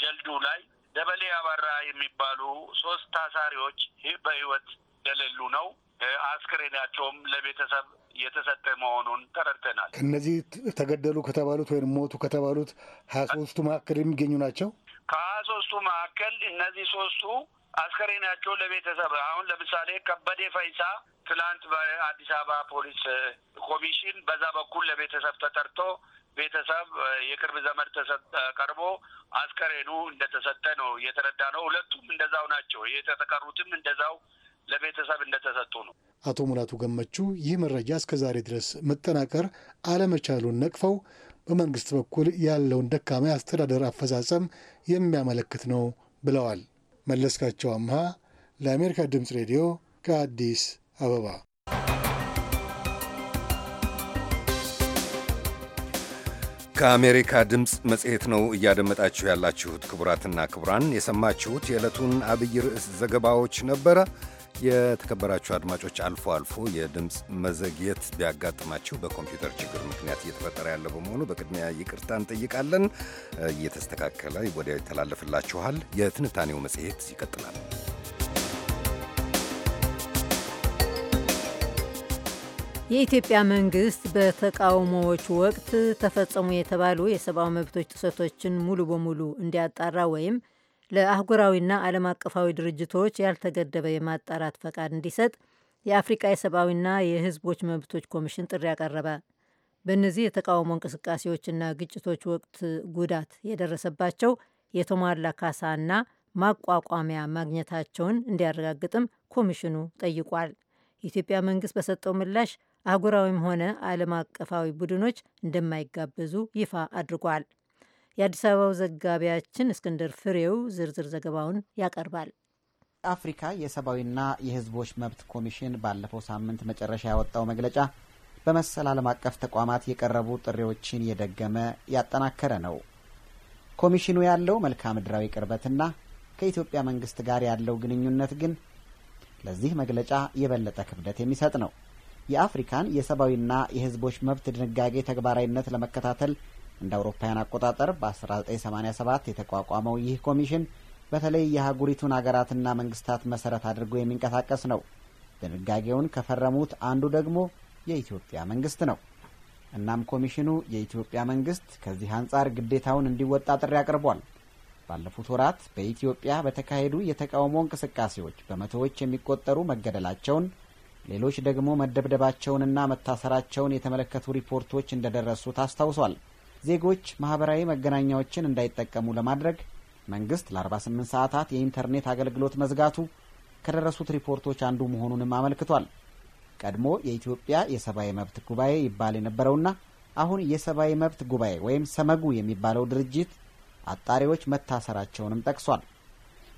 ጀልዱ ላይ፣ ደበሌ አባራ የሚባሉ ሶስት ታሳሪዎች በህይወት የሌሉ ነው። አስክሬናቸውም ለቤተሰብ የተሰጠ መሆኑን ተረድተናል። እነዚህ ተገደሉ ከተባሉት ወይም ሞቱ ከተባሉት ሀያ ሶስቱ መካከል የሚገኙ ናቸው። ከሀያ ሶስቱ መካከል እነዚህ ሶስቱ አስከሬናቸው ለቤተሰብ አሁን ለምሳሌ ከበዴ ፈይሳ ትላንት በአዲስ አበባ ፖሊስ ኮሚሽን በዛ በኩል ለቤተሰብ ተጠርቶ ቤተሰብ የቅርብ ዘመድ ቀርቦ አስከሬኑ እንደተሰጠ ነው እየተረዳ ነው። ሁለቱም እንደዛው ናቸው። የተቀሩትም እንደዛው ለቤተሰብ እንደተሰጡ ነው። አቶ ሙላቱ ገመቹ ይህ መረጃ እስከ ዛሬ ድረስ መጠናቀር አለመቻሉን ነቅፈው በመንግስት በኩል ያለውን ደካማ የአስተዳደር አፈጻጸም የሚያመለክት ነው ብለዋል። መለስካቸው አምሃ ለአሜሪካ ድምፅ ሬዲዮ ከአዲስ አበባ። ከአሜሪካ ድምፅ መጽሔት ነው እያደመጣችሁ ያላችሁት። ክቡራትና ክቡራን የሰማችሁት የዕለቱን አብይ ርዕስ ዘገባዎች ነበረ። የተከበራችሁ አድማጮች አልፎ አልፎ የድምፅ መዘግየት ቢያጋጥማችሁ በኮምፒውተር ችግር ምክንያት እየተፈጠረ ያለ በመሆኑ በቅድሚያ ይቅርታ እንጠይቃለን። እየተስተካከለ ወዲያው ይተላለፍላችኋል። የትንታኔው መጽሔት ይቀጥላል። የኢትዮጵያ መንግስት በተቃውሞዎች ወቅት ተፈጸሙ የተባሉ የሰብአዊ መብቶች ጥሰቶችን ሙሉ በሙሉ እንዲያጣራ ወይም ለአህጉራዊና ዓለም አቀፋዊ ድርጅቶች ያልተገደበ የማጣራት ፈቃድ እንዲሰጥ የአፍሪቃ የሰብአዊና የህዝቦች መብቶች ኮሚሽን ጥሪ አቀረበ። በእነዚህ የተቃውሞ እንቅስቃሴዎችና ግጭቶች ወቅት ጉዳት የደረሰባቸው የተሟላ ካሳና ማቋቋሚያ ማግኘታቸውን እንዲያረጋግጥም ኮሚሽኑ ጠይቋል። የኢትዮጵያ መንግስት በሰጠው ምላሽ አህጉራዊም ሆነ ዓለም አቀፋዊ ቡድኖች እንደማይጋበዙ ይፋ አድርጓል። የአዲስ አበባው ዘጋቢያችን እስክንድር ፍሬው ዝርዝር ዘገባውን ያቀርባል። አፍሪካ የሰብአዊና የሕዝቦች መብት ኮሚሽን ባለፈው ሳምንት መጨረሻ ያወጣው መግለጫ በመሰል ዓለም አቀፍ ተቋማት የቀረቡ ጥሪዎችን የደገመ ያጠናከረ ነው። ኮሚሽኑ ያለው መልክዓ ምድራዊ ቅርበትና ከኢትዮጵያ መንግስት ጋር ያለው ግንኙነት ግን ለዚህ መግለጫ የበለጠ ክብደት የሚሰጥ ነው። የአፍሪካን የሰብአዊና የሕዝቦች መብት ድንጋጌ ተግባራዊነት ለመከታተል እንደ አውሮፓውያን አቆጣጠር በ1987 የተቋቋመው ይህ ኮሚሽን በተለይ የአህጉሪቱን አገራትና መንግስታት መሰረት አድርጎ የሚንቀሳቀስ ነው። ድንጋጌውን ከፈረሙት አንዱ ደግሞ የኢትዮጵያ መንግስት ነው። እናም ኮሚሽኑ የኢትዮጵያ መንግስት ከዚህ አንጻር ግዴታውን እንዲወጣ ጥሪ አቅርቧል። ባለፉት ወራት በኢትዮጵያ በተካሄዱ የተቃውሞ እንቅስቃሴዎች በመቶዎች የሚቆጠሩ መገደላቸውን ሌሎች ደግሞ መደብደባቸውንና መታሰራቸውን የተመለከቱ ሪፖርቶች እንደደረሱት አስታውሷል። ዜጎች ማህበራዊ መገናኛዎችን እንዳይጠቀሙ ለማድረግ መንግስት ለ48 ሰዓታት የኢንተርኔት አገልግሎት መዝጋቱ ከደረሱት ሪፖርቶች አንዱ መሆኑንም አመልክቷል። ቀድሞ የኢትዮጵያ የሰብአዊ መብት ጉባኤ ይባል የነበረውና አሁን የሰብአዊ መብት ጉባኤ ወይም ሰመጉ የሚባለው ድርጅት አጣሪዎች መታሰራቸውንም ጠቅሷል።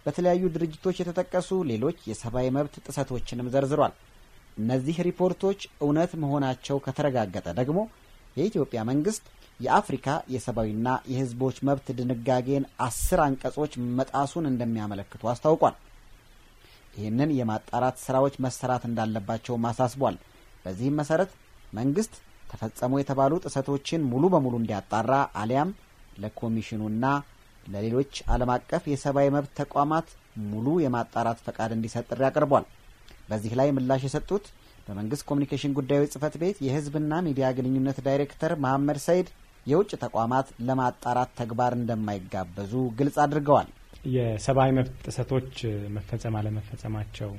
በተለያዩ ድርጅቶች የተጠቀሱ ሌሎች የሰብአዊ መብት ጥሰቶችንም ዘርዝሯል። እነዚህ ሪፖርቶች እውነት መሆናቸው ከተረጋገጠ ደግሞ የኢትዮጵያ መንግስት የአፍሪካ የሰብአዊና የህዝቦች መብት ድንጋጌን አስር አንቀጾች መጣሱን እንደሚያመለክቱ አስታውቋል። ይህንን የማጣራት ስራዎች መሰራት እንዳለባቸውም አሳስቧል። በዚህም መሰረት መንግስት ተፈጸሙ የተባሉ ጥሰቶችን ሙሉ በሙሉ እንዲያጣራ አሊያም ለኮሚሽኑና ለሌሎች ዓለም አቀፍ የሰብአዊ መብት ተቋማት ሙሉ የማጣራት ፈቃድ እንዲሰጥ ጥሪ አቅርቧል። በዚህ ላይ ምላሽ የሰጡት በመንግስት ኮሚኒኬሽን ጉዳዮች ጽህፈት ቤት የህዝብና ሚዲያ ግንኙነት ዳይሬክተር መሐመድ ሰይድ የውጭ ተቋማት ለማጣራት ተግባር እንደማይጋበዙ ግልጽ አድርገዋል። የሰብአዊ መብት ጥሰቶች መፈጸም አለመፈጸማቸው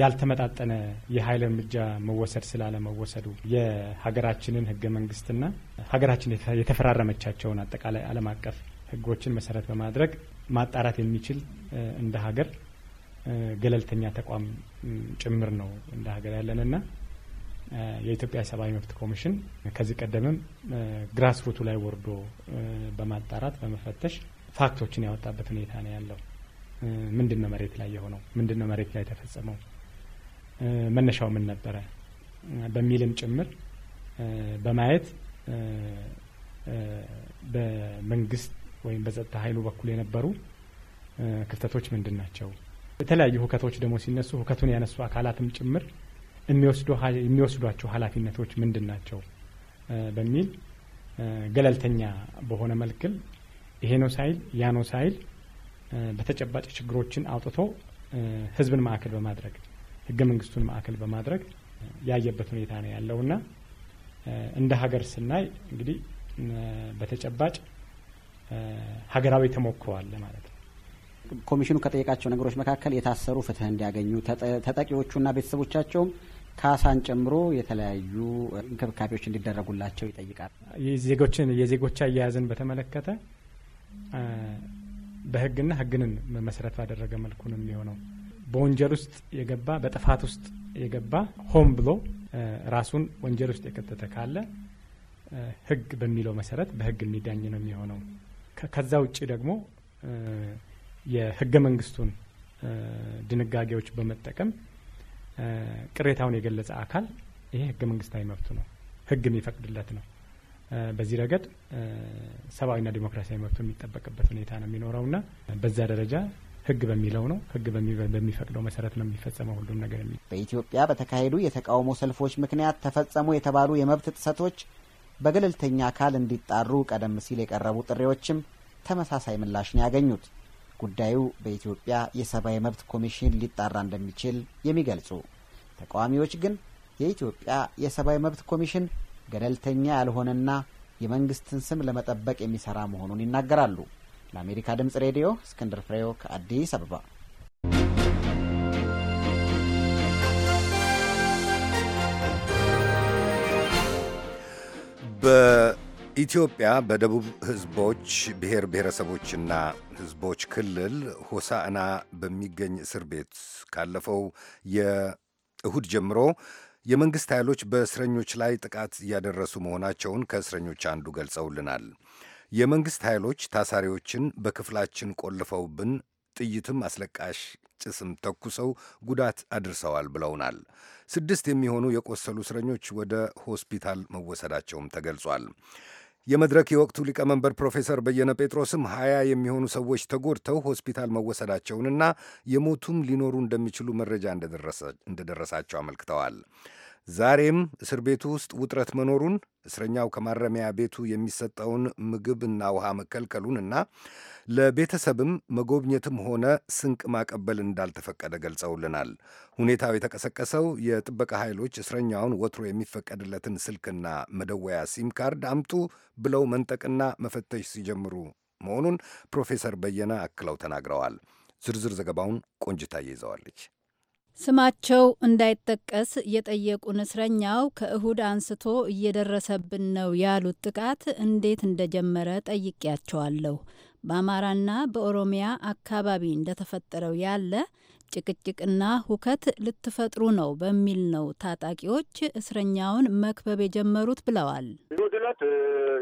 ያልተመጣጠነ የኃይል እርምጃ መወሰድ ስላለመወሰዱ የሀገራችንን ህገ መንግስትና ሀገራችን የተፈራረመቻቸውን አጠቃላይ ዓለም አቀፍ ህጎችን መሰረት በማድረግ ማጣራት የሚችል እንደ ሀገር ገለልተኛ ተቋም ጭምር ነው እንደ ሀገር ያለንና የኢትዮጵያ ሰብአዊ መብት ኮሚሽን ከዚህ ቀደምም ግራስ ሩቱ ላይ ወርዶ በማጣራት በመፈተሽ ፋክቶችን ያወጣበት ሁኔታ ነው ያለው። ምንድን ነው መሬት ላይ የሆነው? ምንድን ነው መሬት ላይ የተፈጸመው? መነሻው ምን ነበረ? በሚልም ጭምር በማየት በመንግስት ወይም በጸጥታ ኃይሉ በኩል የነበሩ ክፍተቶች ምንድን ናቸው? የተለያዩ ሁከቶች ደግሞ ሲነሱ ሁከቱን ያነሱ አካላትም ጭምር የሚወስዷቸው ኃላፊነቶች ምንድን ናቸው በሚል ገለልተኛ በሆነ መልክል ይሄ ነው ሳይል ያ ነው ሳይል በተጨባጭ ችግሮችን አውጥቶ ህዝብን ማዕከል በማድረግ ህገ መንግስቱን ማዕከል በማድረግ ያየበት ሁኔታ ነው ያለውና እንደ ሀገር ስናይ እንግዲህ በተጨባጭ ሀገራዊ ተሞክሮ ማለት ነው። ኮሚሽኑ ከጠየቃቸው ነገሮች መካከል የታሰሩ ፍትህ እንዲያገኙ ተጠቂዎቹና ቤተሰቦቻቸውም ካሳን ጨምሮ የተለያዩ እንክብካቤዎች እንዲደረጉላቸው ይጠይቃል። ዜጎችን የዜጎች አያያዝን በተመለከተ በህግና ህግንን መሰረት ባደረገ መልኩ ነው የሚሆነው። በወንጀል ውስጥ የገባ በጥፋት ውስጥ የገባ ሆን ብሎ ራሱን ወንጀል ውስጥ የከተተ ካለ ህግ በሚለው መሰረት በህግ የሚዳኝ ነው የሚሆነው። ከዛ ውጭ ደግሞ የህገ መንግስቱን ድንጋጌዎች በመጠቀም ቅሬታውን የገለጸ አካል ይሄ ህገ መንግስታዊ መብቱ ነው፣ ህግ የሚፈቅድለት ነው። በዚህ ረገድ ሰብአዊና ዲሞክራሲያዊ መብቱ የሚጠበቅበት ሁኔታ ነው የሚኖረውና በዛ ደረጃ ህግ በሚለው ነው ህግ በሚፈቅደው መሰረት ነው የሚፈጸመው ሁሉም ነገር የሚ በኢትዮጵያ በተካሄዱ የተቃውሞ ሰልፎች ምክንያት ተፈጸሙ የተባሉ የመብት ጥሰቶች በገለልተኛ አካል እንዲጣሩ ቀደም ሲል የቀረቡ ጥሪዎችም ተመሳሳይ ምላሽ ነው ያገኙት። ጉዳዩ በኢትዮጵያ የሰብአዊ መብት ኮሚሽን ሊጣራ እንደሚችል የሚገልጹ ተቃዋሚዎች ግን የኢትዮጵያ የሰብአዊ መብት ኮሚሽን ገለልተኛ ያልሆነና የመንግስትን ስም ለመጠበቅ የሚሰራ መሆኑን ይናገራሉ። ለአሜሪካ ድምጽ ሬዲዮ እስክንድር ፍሬው ከአዲስ አበባ። ኢትዮጵያ በደቡብ ህዝቦች ብሔር ብሔረሰቦችና ህዝቦች ክልል ሆሳዕና በሚገኝ እስር ቤት ካለፈው የእሁድ ጀምሮ የመንግሥት ኃይሎች በእስረኞች ላይ ጥቃት እያደረሱ መሆናቸውን ከእስረኞች አንዱ ገልጸውልናል። የመንግሥት ኃይሎች ታሳሪዎችን በክፍላችን ቆልፈውብን፣ ጥይትም አስለቃሽ ጭስም ተኩሰው ጉዳት አድርሰዋል ብለውናል። ስድስት የሚሆኑ የቆሰሉ እስረኞች ወደ ሆስፒታል መወሰዳቸውም ተገልጿል። የመድረክ የወቅቱ ሊቀመንበር ፕሮፌሰር በየነ ጴጥሮስም ሀያ የሚሆኑ ሰዎች ተጎድተው ሆስፒታል መወሰዳቸውንና የሞቱም ሊኖሩ እንደሚችሉ መረጃ እንደደረሳቸው አመልክተዋል። ዛሬም እስር ቤቱ ውስጥ ውጥረት መኖሩን እስረኛው ከማረሚያ ቤቱ የሚሰጠውን ምግብ እና ውሃ መከልከሉንና ለቤተሰብም መጎብኘትም ሆነ ስንቅ ማቀበል እንዳልተፈቀደ ገልጸውልናል። ሁኔታው የተቀሰቀሰው የጥበቃ ኃይሎች እስረኛውን ወትሮ የሚፈቀድለትን ስልክና መደወያ ሲም ካርድ አምጡ ብለው መንጠቅና መፈተሽ ሲጀምሩ መሆኑን ፕሮፌሰር በየነ አክለው ተናግረዋል። ዝርዝር ዘገባውን ቆንጅታ ይዘዋለች። ስማቸው እንዳይጠቀስ የጠየቁን እስረኛው ከእሁድ አንስቶ እየደረሰብን ነው ያሉት ጥቃት እንዴት እንደጀመረ ጠይቄያቸዋለሁ። በአማራና በኦሮሚያ አካባቢ እንደተፈጠረው ያለ ጭቅጭቅና ሁከት ልትፈጥሩ ነው በሚል ነው ታጣቂዎች እስረኛውን መክበብ የጀመሩት ብለዋል። እሁድ ዕለት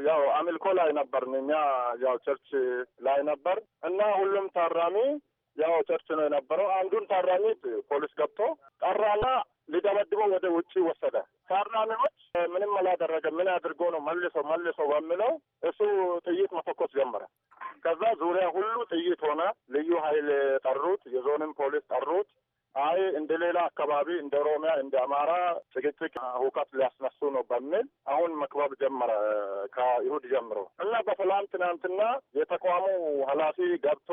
ያው አሚልኮ ላይ ነበር፣ እኛ ያው ቸርች ላይ ነበር እና ሁሉም ታራሚ ያው ቸርች ነው የነበረው። አንዱን ታራሚ ፖሊስ ገብቶ ጠራና ሊደበድበው ወደ ውጭ ወሰደ። ታራሚዎች ምንም አላደረገ ምን አድርጎ ነው መልሶ መልሶ በሚለው እሱ ጥይት መተኮስ ጀመረ። ከዛ ዙሪያ ሁሉ ጥይት ሆነ። ልዩ ኃይል ጠሩት፣ የዞንም ፖሊስ ጠሩት። አይ እንደ ሌላ አካባቢ እንደ ኦሮሚያ እንደ አማራ ጭቅጭቅ ሁከት ሊያስነሱ ነው በሚል አሁን መክበብ ጀመረ ከይሁድ ጀምሮ እና በሰላም ትናንትና የተቋሙ ኃላፊ ገብቶ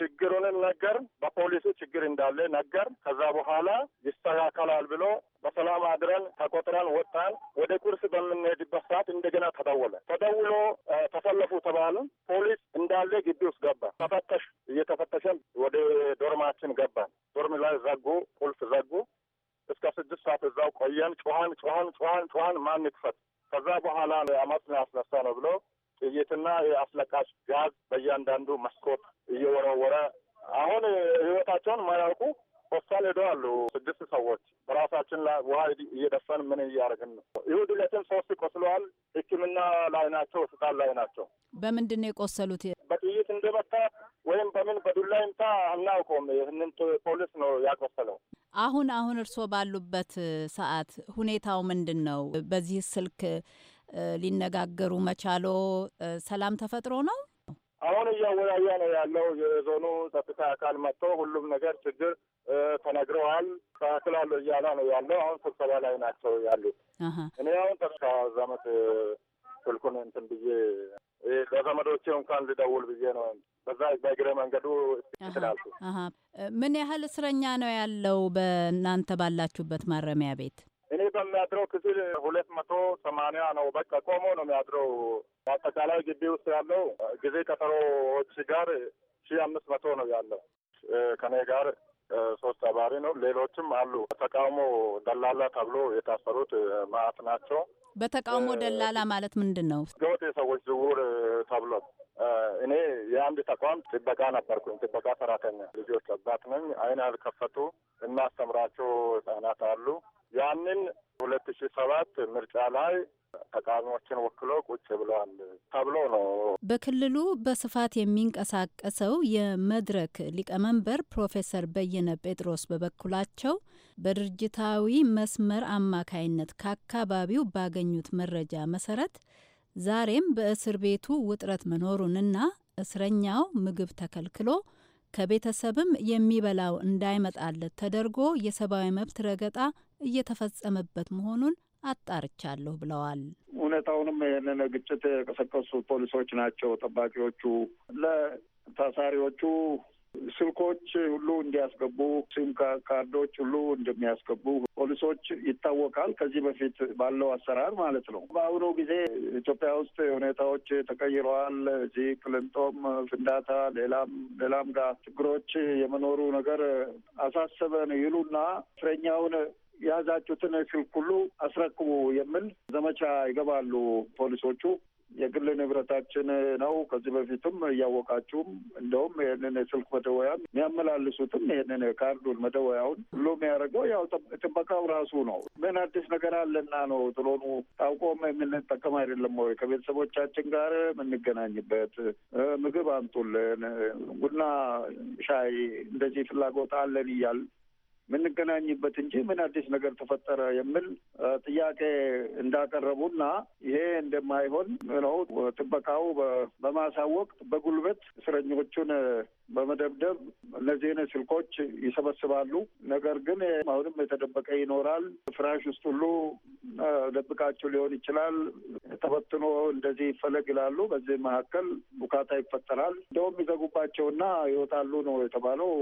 ችግሩን ነገር በፖሊሱ ችግር እንዳለ ነገር ከዛ በኋላ ይስተካከላል ብሎ በሰላም አድረን ተቆጥረን ወጣን። ወደ ቁርስ በምንሄድበት ሰዓት እንደገና ተደወለ። ተደውሎ ተሰለፉ ተባሉ። ፖሊስ እንዳለ ግቢ ውስጥ ገባ። ተፈተሽ እየተፈተሸን ወደ ዶርማችን ገባን። ዶርም ላይ ዘጉ፣ ቁልፍ ዘጉ። እስከ ስድስት ሰዓት እዛው ቆየን። ጩሀን ጩሀን ጩሀን ጩሀን ማን ይክፈት። ከዛ በኋላ አመፅ ያስነሳ ነው ብሎ ጥይትና የአስለቃሽ ጋዝ በእያንዳንዱ መስኮት እየወረወረ አሁን ህይወታቸውን ማያውቁ ሆስፒታል ሄደው አሉ ስድስት ሰዎች። በራሳችን ላይ ውሃ እየደፈን ምን እያደረግን ነው። ይሁድ ዕለትም ሶስት ቆስለዋል። ሕክምና ላይ ናቸው፣ ሆስፒታል ላይ ናቸው። በምንድን ነው የቆሰሉት? በጥይት እንደመታ ወይም በምን በዱላ ይምታ አናውቀውም። ይህንን ፖሊስ ነው ያቆሰለው። አሁን አሁን እርስዎ ባሉበት ሰዓት ሁኔታው ምንድን ነው? በዚህ ስልክ ሊነጋገሩ መቻሎ ሰላም ተፈጥሮ ነው። አሁን እያወያየ ነው ያለው የዞኑ ጸጥታ አካል መጥቶ ሁሉም ነገር ችግር ተነግረዋል ተካክላሉ እያለ ነው ያለው። አሁን ስብሰባ ላይ ናቸው ያሉት። እኔ አሁን ተካ ዘመድ ስልኩን እንትን ብዬ ለዘመዶቼ እንኳን ልደውል ብዬ ነው በዛ በእግረ መንገዱ ስላልኩ። ምን ያህል እስረኛ ነው ያለው በእናንተ ባላችሁበት ማረሚያ ቤት? እኔ በሚያድረው ክፍል ሁለት መቶ ሰማንያ ነው። በቃ ቆሞ ነው የሚያድረው። በአጠቃላይ ግቢ ውስጥ ያለው ጊዜ ቀጠሮዎች ጋር ሺ አምስት መቶ ነው ያለው። ከኔ ጋር ሶስት አባሪ ነው። ሌሎችም አሉ። ተቃውሞ ደላላ ተብሎ የታሰሩት ማአት ናቸው። በተቃውሞ ደላላ ማለት ምንድን ነው? ህገወጥ የሰዎች ዝውውር ተብሎ እኔ የአንድ ተቋም ጥበቃ ነበርኩኝ። ጥበቃ ሰራተኛ ልጆች አባት ነኝ። አይን አልከፈቱ እናስተምራቸው ህጻናት አሉ ያንን ሁለት ሺ ሰባት ምርጫ ላይ ተቃዋሚዎችን ወክሎ ቁጭ ብለዋል ተብሎ ነው። በክልሉ በስፋት የሚንቀሳቀሰው የመድረክ ሊቀመንበር ፕሮፌሰር በየነ ጴጥሮስ በበኩላቸው በድርጅታዊ መስመር አማካይነት ከአካባቢው ባገኙት መረጃ መሰረት ዛሬም በእስር ቤቱ ውጥረት መኖሩንና እስረኛው ምግብ ተከልክሎ ከቤተሰብም የሚበላው እንዳይመጣለት ተደርጎ የሰብአዊ መብት ረገጣ እየተፈጸመበት መሆኑን አጣርቻለሁ ብለዋል። እውነታውንም ይህንን ግጭት የቀሰቀሱ ፖሊሶች ናቸው። ጠባቂዎቹ ለታሳሪዎቹ ስልኮች ሁሉ እንዲያስገቡ ሲም ካርዶች ሁሉ እንደሚያስገቡ ፖሊሶች ይታወቃል። ከዚህ በፊት ባለው አሰራር ማለት ነው። በአሁኑ ጊዜ ኢትዮጵያ ውስጥ ሁኔታዎች ተቀይረዋል። እዚህ ቅልንጦም ፍንዳታ፣ ሌላም ሌላም ጋር ችግሮች የመኖሩ ነገር አሳሰበን ይሉና እስረኛውን የያዛችሁትን ስልክ ሁሉ አስረክቡ የሚል ዘመቻ ይገባሉ ፖሊሶቹ። የግል ንብረታችን ነው። ከዚህ በፊትም እያወቃችሁም እንደውም ይህንን የስልክ መደወያ የሚያመላልሱትም ይህንን ካርዱን መደወያውን ሁሉ የሚያደርገው ያው ጥበቃው ራሱ ነው። ምን አዲስ ነገር አለና ነው ትሎኑ ታውቆም የምንጠቀም አይደለም ወይ? ከቤተሰቦቻችን ጋር የምንገናኝበት ምግብ አምጡልን፣ ቡና፣ ሻይ እንደዚህ ፍላጎት አለን እያል የምንገናኝበት እንጂ ምን አዲስ ነገር ተፈጠረ የሚል ጥያቄ እንዳቀረቡና ይሄ እንደማይሆን ነው ጥበቃው በማሳወቅ በጉልበት እስረኞቹን በመደብደብ እነዚህን ስልኮች ይሰበስባሉ። ነገር ግን አሁንም የተደበቀ ይኖራል። ፍራሽ ውስጥ ሁሉ ደብቃቸው ሊሆን ይችላል። ተበትኖ እንደዚህ ይፈለግ ይላሉ። በዚህ መካከል ቡካታ ይፈጠራል። እንደውም ይዘጉባቸውና ይወጣሉ ነው የተባለው።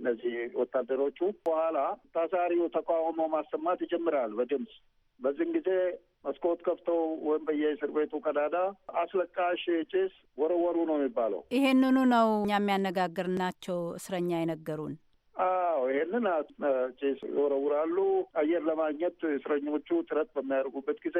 እነዚህ ወታደሮቹ በኋላ ታሳሪው ተቃውሞ ማሰማት ይጀምራል በድምፅ በዚህን ጊዜ መስኮት ከፍተው ወይም በየእስር ቤቱ ቀዳዳ አስለቃሽ ጭስ ወረወሩ ነው የሚባለው። ይሄንኑ ነው እኛ የሚያነጋግር ናቸው እስረኛ የነገሩን። አዎ ይህንን ጭስ ይወረውራሉ። አየር ለማግኘት እስረኞቹ ጥረት በሚያደርጉበት ጊዜ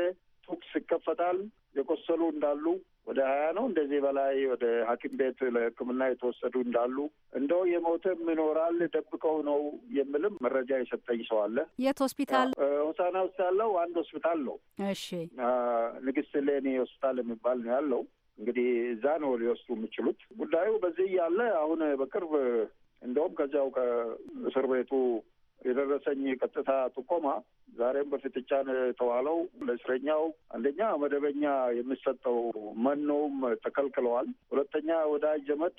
ቱክስ ይከፈታል። የቆሰሉ እንዳሉ ወደ ሀያ ነው እንደዚህ በላይ ወደ ሐኪም ቤት ለሕክምና የተወሰዱ እንዳሉ እንደው የሞተም ይኖራል ደብቀው ነው የሚልም መረጃ የሰጠኝ ሰው አለ። የት ሆስፒታል? ሆሳና ውስጥ ያለው አንድ ሆስፒታል ነው። እሺ፣ ንግስት ሌኒ ሆስፒታል የሚባል ነው ያለው። እንግዲህ እዛ ነው ሊወስዱ የሚችሉት። ጉዳዩ በዚህ እያለ አሁን በቅርብ እንደውም ከዚያው ከእስር ቤቱ የደረሰኝ ቀጥታ ጥቆማ ዛሬም በፍጥጫ ነው የተዋለው። ለእስረኛው አንደኛ መደበኛ የሚሰጠው መኖውም ተከልክለዋል። ሁለተኛ ወዳጅ ዘመድ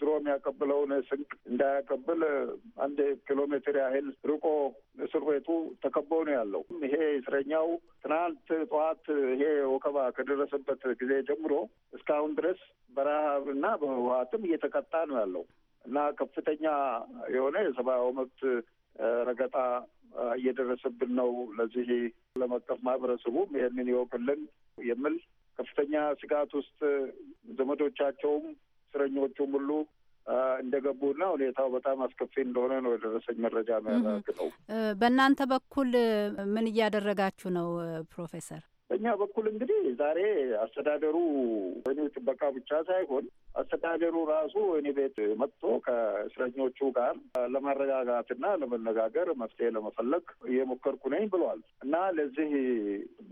ድሮ የሚያቀብለውን ስንቅ እንዳያቀብል አንድ ኪሎ ሜትር ያህል ርቆ እስር ቤቱ ተከቦ ነው ያለው። ይሄ እስረኛው ትናንት ጠዋት ይሄ ወከባ ከደረሰበት ጊዜ ጀምሮ እስካሁን ድረስ በረሃብ እና በህወሀትም እየተቀጣ ነው ያለው። እና ከፍተኛ የሆነ የሰብአዊ መብት ረገጣ እየደረሰብን ነው። ለዚህ ዓለም አቀፍ ማህበረሰቡም ይህንን ይወቅልን የሚል ከፍተኛ ስጋት ውስጥ ዘመዶቻቸውም እስረኞቹም ሁሉ እንደገቡና ሁኔታው በጣም አስከፊ እንደሆነ ነው የደረሰኝ መረጃ የሚያመለክተው። በእናንተ በኩል ምን እያደረጋችሁ ነው ፕሮፌሰር? በእኛ በኩል እንግዲህ ዛሬ አስተዳደሩ ወይም ጥበቃ ብቻ ሳይሆን አስተዳደሩ ራሱ እኔ ቤት መጥቶ ከእስረኞቹ ጋር ለመረጋጋትና ለመነጋገር መፍትሄ ለመፈለግ እየሞከርኩ ነኝ ብሏል እና ለዚህ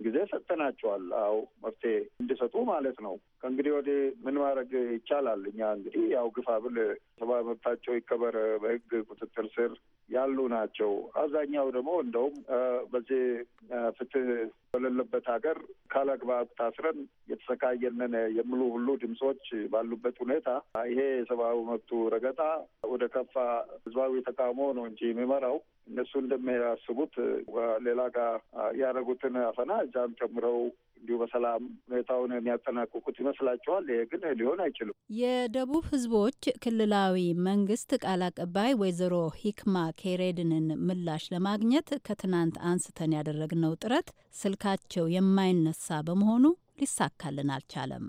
ጊዜ ሰጥተናቸዋል። አዎ መፍትሄ እንዲሰጡ ማለት ነው። ከእንግዲህ ወዲህ ምን ማድረግ ይቻላል? እኛ እንግዲህ ያው ግፋ ብል ሰብአዊ መብታቸው ይከበር በህግ ቁጥጥር ስር ያሉ ናቸው። አብዛኛው ደግሞ እንደውም በዚህ ፍትህ በሌለበት ሀገር ካላግባብ ታስረን የተሰቃየንን የሚሉ ሁሉ ድምጾች ባሉበት ባለበት ሁኔታ ይሄ የሰብአዊ መብቱ ረገጣ ወደ ከፋ ህዝባዊ ተቃውሞ ነው እንጂ የሚመራው እነሱ እንደሚያስቡት ሌላ ጋር ያደረጉትን አፈና እዛም ጨምረው እንዲሁ በሰላም ሁኔታውን የሚያጠናቅቁት ይመስላቸዋል። ይሄ ግን ሊሆን አይችሉም የደቡብ ህዝቦች ክልላዊ መንግስት ቃል አቀባይ ወይዘሮ ሂክማ ኬሬድንን ምላሽ ለማግኘት ከትናንት አንስተን ያደረግነው ጥረት ስልካቸው የማይነሳ በመሆኑ ሊሳካልን አልቻለም።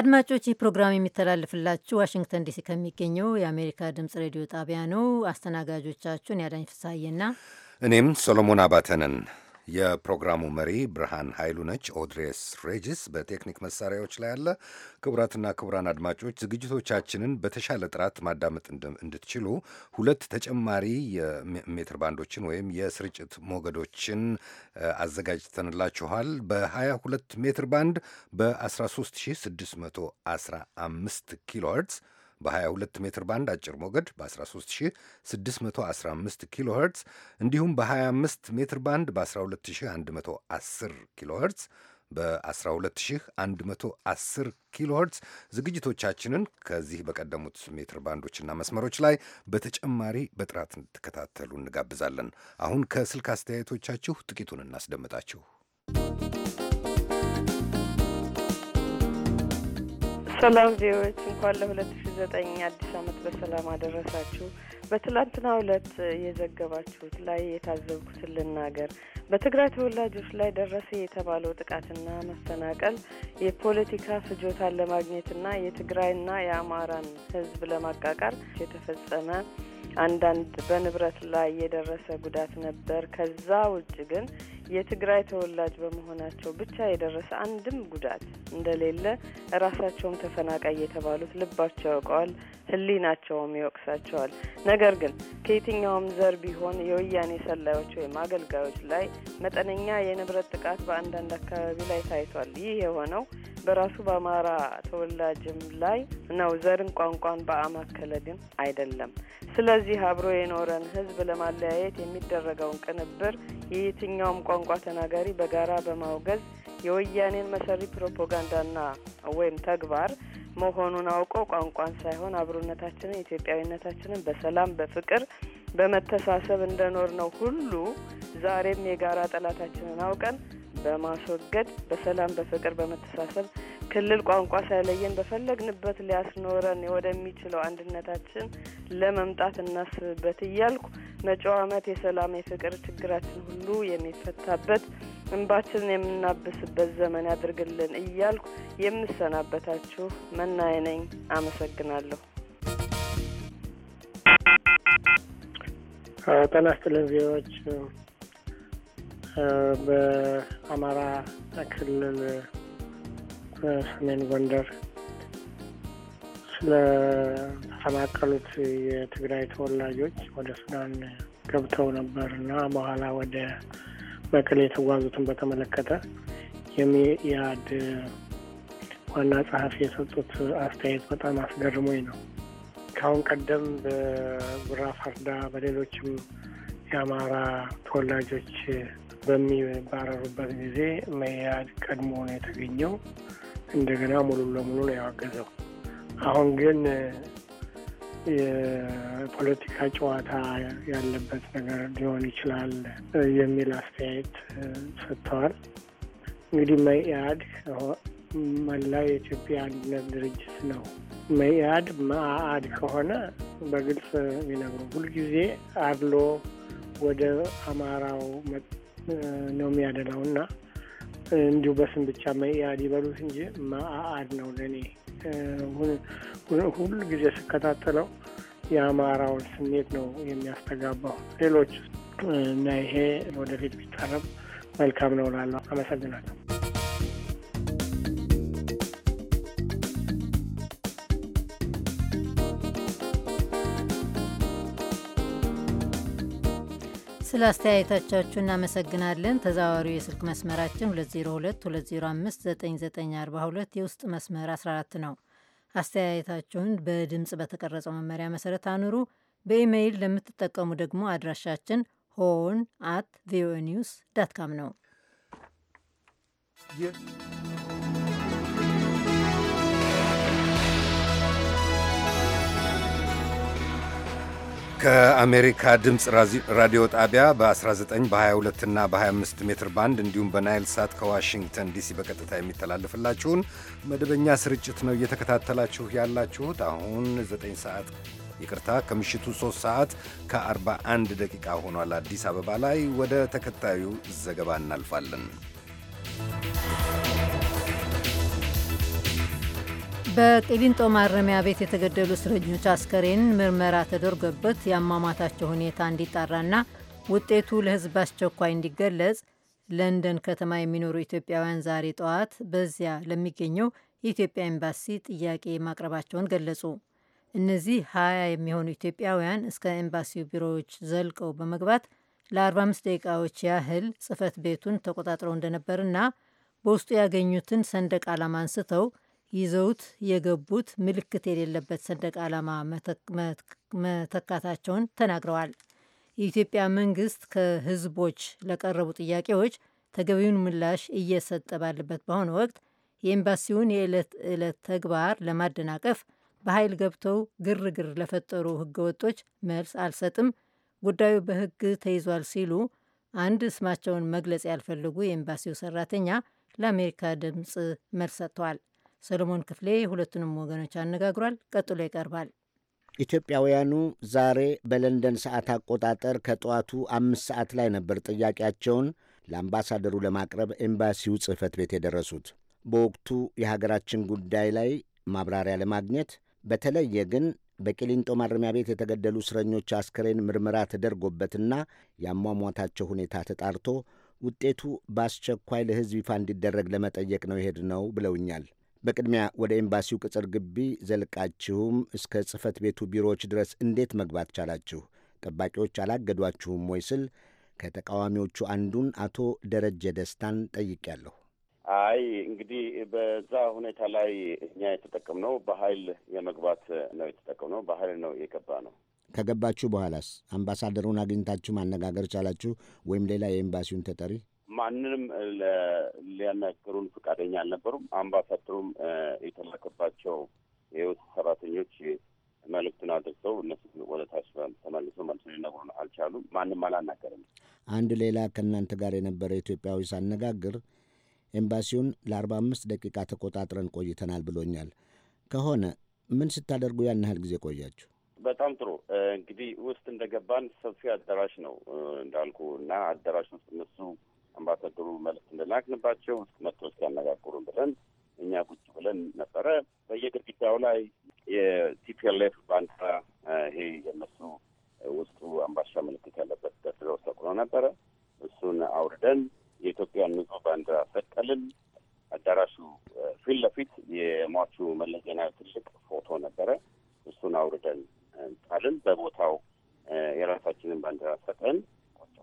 አድማጮች ይህ ፕሮግራም የሚተላልፍላችሁ ዋሽንግተን ዲሲ ከሚገኘው የአሜሪካ ድምጽ ሬዲዮ ጣቢያ ነው። አስተናጋጆቻችሁን ያዳኝ ፍሳዬና እኔም ሰሎሞን አባተነን። የፕሮግራሙ መሪ ብርሃን ኃይሉ ነች። ኦድሬስ ሬጅስ በቴክኒክ መሳሪያዎች ላይ አለ። ክቡራትና ክቡራን አድማጮች ዝግጅቶቻችንን በተሻለ ጥራት ማዳመጥ እንድትችሉ ሁለት ተጨማሪ የሜትር ባንዶችን ወይም የስርጭት ሞገዶችን አዘጋጅተንላችኋል። በ22 ሜትር ባንድ በ13615 ኪሎ ሄርትዝ በ22 ሜትር ባንድ አጭር ሞገድ በ13615 ኪሎ ሄርትዝ እንዲሁም በ25 ሜትር ባንድ በ12110 ኪሎ ሄርትዝ በ12110 ኪሎ ሄርትዝ ዝግጅቶቻችንን ከዚህ በቀደሙት ሜትር ባንዶችና መስመሮች ላይ በተጨማሪ በጥራት እንድትከታተሉ እንጋብዛለን። አሁን ከስልክ አስተያየቶቻችሁ ጥቂቱን እናስደምጣችሁ። ሰላም ዜዎች እንኳን ለሁለት ሺ ዘጠኝ አዲስ ዓመት በሰላም አደረሳችሁ። በትላንትና ሁለት የዘገባችሁት ላይ የታዘብኩት ልናገር። በትግራይ ተወላጆች ላይ ደረሰ የተባለው ጥቃትና መፈናቀል የፖለቲካ ፍጆታን ለማግኘትና የትግራይና የአማራን ሕዝብ ለማቃቃር የተፈጸመ አንዳንድ በንብረት ላይ የደረሰ ጉዳት ነበር። ከዛ ውጭ ግን የትግራይ ተወላጅ በመሆናቸው ብቻ የደረሰ አንድም ጉዳት እንደሌለ ራሳቸውም ተፈናቃይ የተባሉት ልባቸው ያውቀዋል፣ ሕሊናቸውም ይወቅሳቸዋል። ነገር ግን ከየትኛውም ዘር ቢሆን የወያኔ ሰላዮች ወይም አገልጋዮች ላይ መጠነኛ የንብረት ጥቃት በአንዳንድ አካባቢ ላይ ታይቷል። ይህ የሆነው በራሱ በአማራ ተወላጅም ላይ ነው። ዘርን ቋንቋን በአማከለ ግን አይደለም። ስለዚህ አብሮ የኖረን ሕዝብ ለማለያየት የሚደረገውን ቅንብር የየትኛውም ቋንቋ ተናጋሪ በጋራ በማውገዝ የወያኔን መሰሪ ፕሮፓጋንዳና ወይም ተግባር መሆኑን አውቀው ቋንቋን ሳይሆን አብሮነታችንን ኢትዮጵያዊነታችንን በሰላም በፍቅር በመተሳሰብ እንደኖር ነው ሁሉ ዛሬም የጋራ ጠላታችንን አውቀን በማስወገድ በሰላም በፍቅር በመተሳሰብ ክልል ቋንቋ ሳይለየን በፈለግንበት ሊያስኖረን ወደሚችለው አንድነታችን ለመምጣት እናስብበት እያልኩ መጪው ዓመት የሰላም የፍቅር ችግራችን ሁሉ የሚፈታበት እንባችንን የምናብስበት ዘመን ያድርግልን እያልኩ የምሰናበታችሁ መናዬ ነኝ። አመሰግናለሁ። ጤና ይስጥልን ዜዎች በአማራ ክልል ሰሜን ጎንደር ስለተፈናቀሉት የትግራይ ተወላጆች ወደ ሱዳን ገብተው ነበር እና በኋላ ወደ በቅል የተጓዙትን በተመለከተ የሚያድ ዋና ጸሐፊ የሰጡት አስተያየት በጣም አስገርሞኝ ነው። ከአሁን ቀደም በጉራ ፈርዳ፣ በሌሎችም የአማራ ተወላጆች በሚባረሩበት ጊዜ መያድ ቀድሞ ነው የተገኘው። እንደገና ሙሉ ለሙሉ ነው ያወገዘው። አሁን ግን የፖለቲካ ጨዋታ ያለበት ነገር ሊሆን ይችላል የሚል አስተያየት ሰጥተዋል። እንግዲህ መኢአድ መላው የኢትዮጵያ አንድነት ድርጅት ነው። መኢአድ መአአድ ከሆነ በግልጽ የሚነግሩ ሁልጊዜ አድሎ ወደ አማራው ነው የሚያደላው እና እንዲሁ በስም ብቻ መኢአድ ይበሉት እንጂ መአአድ ነው ለእኔ ሁሉ ጊዜ ስከታተለው የአማራውን ስሜት ነው የሚያስተጋባው ሌሎች እና ይሄ ወደፊት ቢቀረብ መልካም ነው ላለው አመሰግናለሁ። ስለ አስተያየታቻችሁ እናመሰግናለን። ተዘዋዋሪው የስልክ መስመራችን 2022059942 የውስጥ መስመር 14 ነው። አስተያየታችሁን በድምፅ በተቀረጸው መመሪያ መሰረት አኑሩ። በኢሜይል ለምትጠቀሙ ደግሞ አድራሻችን ሆን አት ቪኦኤ ኒውስ ዳት ካም ነው። ከአሜሪካ ድምፅ ራዲዮ ጣቢያ በ19 በ22 እና በ25 ሜትር ባንድ እንዲሁም በናይል ሳት ከዋሽንግተን ዲሲ በቀጥታ የሚተላለፍላችሁን መደበኛ ስርጭት ነው እየተከታተላችሁ ያላችሁት። አሁን 9 ሰዓት ይቅርታ፣ ከምሽቱ 3 ሰዓት ከ41 ደቂቃ ሆኗል አዲስ አበባ ላይ። ወደ ተከታዩ ዘገባ እናልፋለን። በቂሊንጦ ማረሚያ ቤት የተገደሉ እስረኞች አስከሬን ምርመራ ተደርጎበት የአሟሟታቸው ሁኔታ እንዲጣራና ውጤቱ ለሕዝብ አስቸኳይ እንዲገለጽ ለንደን ከተማ የሚኖሩ ኢትዮጵያውያን ዛሬ ጠዋት በዚያ ለሚገኘው የኢትዮጵያ ኤምባሲ ጥያቄ ማቅረባቸውን ገለጹ። እነዚህ ሀያ የሚሆኑ ኢትዮጵያውያን እስከ ኤምባሲው ቢሮዎች ዘልቀው በመግባት ለ45 ደቂቃዎች ያህል ጽህፈት ቤቱን ተቆጣጥረው እንደነበርና በውስጡ ያገኙትን ሰንደቅ ዓላማ አንስተው ይዘውት የገቡት ምልክት የሌለበት ሰንደቅ ዓላማ መተካታቸውን ተናግረዋል። የኢትዮጵያ መንግስት ከህዝቦች ለቀረቡ ጥያቄዎች ተገቢውን ምላሽ እየሰጠ ባለበት በአሁኑ ወቅት የኤምባሲውን የዕለት ዕለት ተግባር ለማደናቀፍ በኃይል ገብተው ግርግር ለፈጠሩ ህገወጦች መልስ አልሰጥም፣ ጉዳዩ በህግ ተይዟል ሲሉ አንድ ስማቸውን መግለጽ ያልፈልጉ የኤምባሲው ሰራተኛ ለአሜሪካ ድምፅ መልስ ሰጥተዋል። ሰለሞን ክፍሌ ሁለቱንም ወገኖች አነጋግሯል። ቀጥሎ ይቀርባል። ኢትዮጵያውያኑ ዛሬ በለንደን ሰዓት አቆጣጠር ከጠዋቱ አምስት ሰዓት ላይ ነበር ጥያቄያቸውን ለአምባሳደሩ ለማቅረብ ኤምባሲው ጽሕፈት ቤት የደረሱት። በወቅቱ የሀገራችን ጉዳይ ላይ ማብራሪያ ለማግኘት በተለየ ግን በቂሊንጦ ማረሚያ ቤት የተገደሉ እስረኞች አስክሬን ምርመራ ተደርጎበትና የአሟሟታቸው ሁኔታ ተጣርቶ ውጤቱ በአስቸኳይ ለሕዝብ ይፋ እንዲደረግ ለመጠየቅ ነው የሄድነው ብለውኛል። በቅድሚያ ወደ ኤምባሲው ቅጽር ግቢ ዘልቃችሁም እስከ ጽህፈት ቤቱ ቢሮዎች ድረስ እንዴት መግባት ቻላችሁ? ጠባቂዎች አላገዷችሁም ወይ ስል ከተቃዋሚዎቹ አንዱን አቶ ደረጀ ደስታን ጠይቄያለሁ። አይ እንግዲህ በዛ ሁኔታ ላይ እኛ የተጠቀምነው በኃይል የመግባት ነው የተጠቀምነው በኃይል ነው የገባ ነው። ከገባችሁ በኋላስ አምባሳደሩን አግኝታችሁ ማነጋገር ቻላችሁ ወይም ሌላ የኤምባሲውን ተጠሪ? ማንንም ሊያናገሩን ፈቃደኛ አልነበሩም። አምባሳደሩም የተላከባቸው የህይወት ሰራተኞች መልእክቱን አድርሰው እነሱ ወደ ታች ተመልሶ መልሶ ሊነግሩን አልቻሉም። ማንም አላናገርም። አንድ ሌላ ከእናንተ ጋር የነበረ ኢትዮጵያዊ ሳነጋግር ኤምባሲውን ለአርባ አምስት ደቂቃ ተቆጣጥረን ቆይተናል ብሎኛል። ከሆነ ምን ስታደርጉ ያን ያህል ጊዜ ቆያችሁ? በጣም ጥሩ እንግዲህ ውስጥ እንደገባን ሰፊ አዳራሽ ነው እንዳልኩ እና አዳራሽ ውስጥ እነሱ አምባሳደሩ መልእክት እንደላክንባቸው መጥተው እስኪያነጋግሩን ብለን እኛ ቁጭ ብለን ነበረ። በየግድግዳው ላይ የቲፒኤልኤፍ ባንዲራ ይሄ የነሱ ውስጡ አምባሻ ምልክት ያለበት ደርድረው ሰቅሎ ነበረ። እሱን አውርደን የኢትዮጵያን ንጹህ ባንዲራ ሰቀልን። አዳራሹ ፊት ለፊት የሟቹ መለስ ዜናዊ ትልቅ ፎቶ ነበረ። እሱን አውርደን ጣልን። በቦታው የራሳችንን ባንዲራ ሰጠን።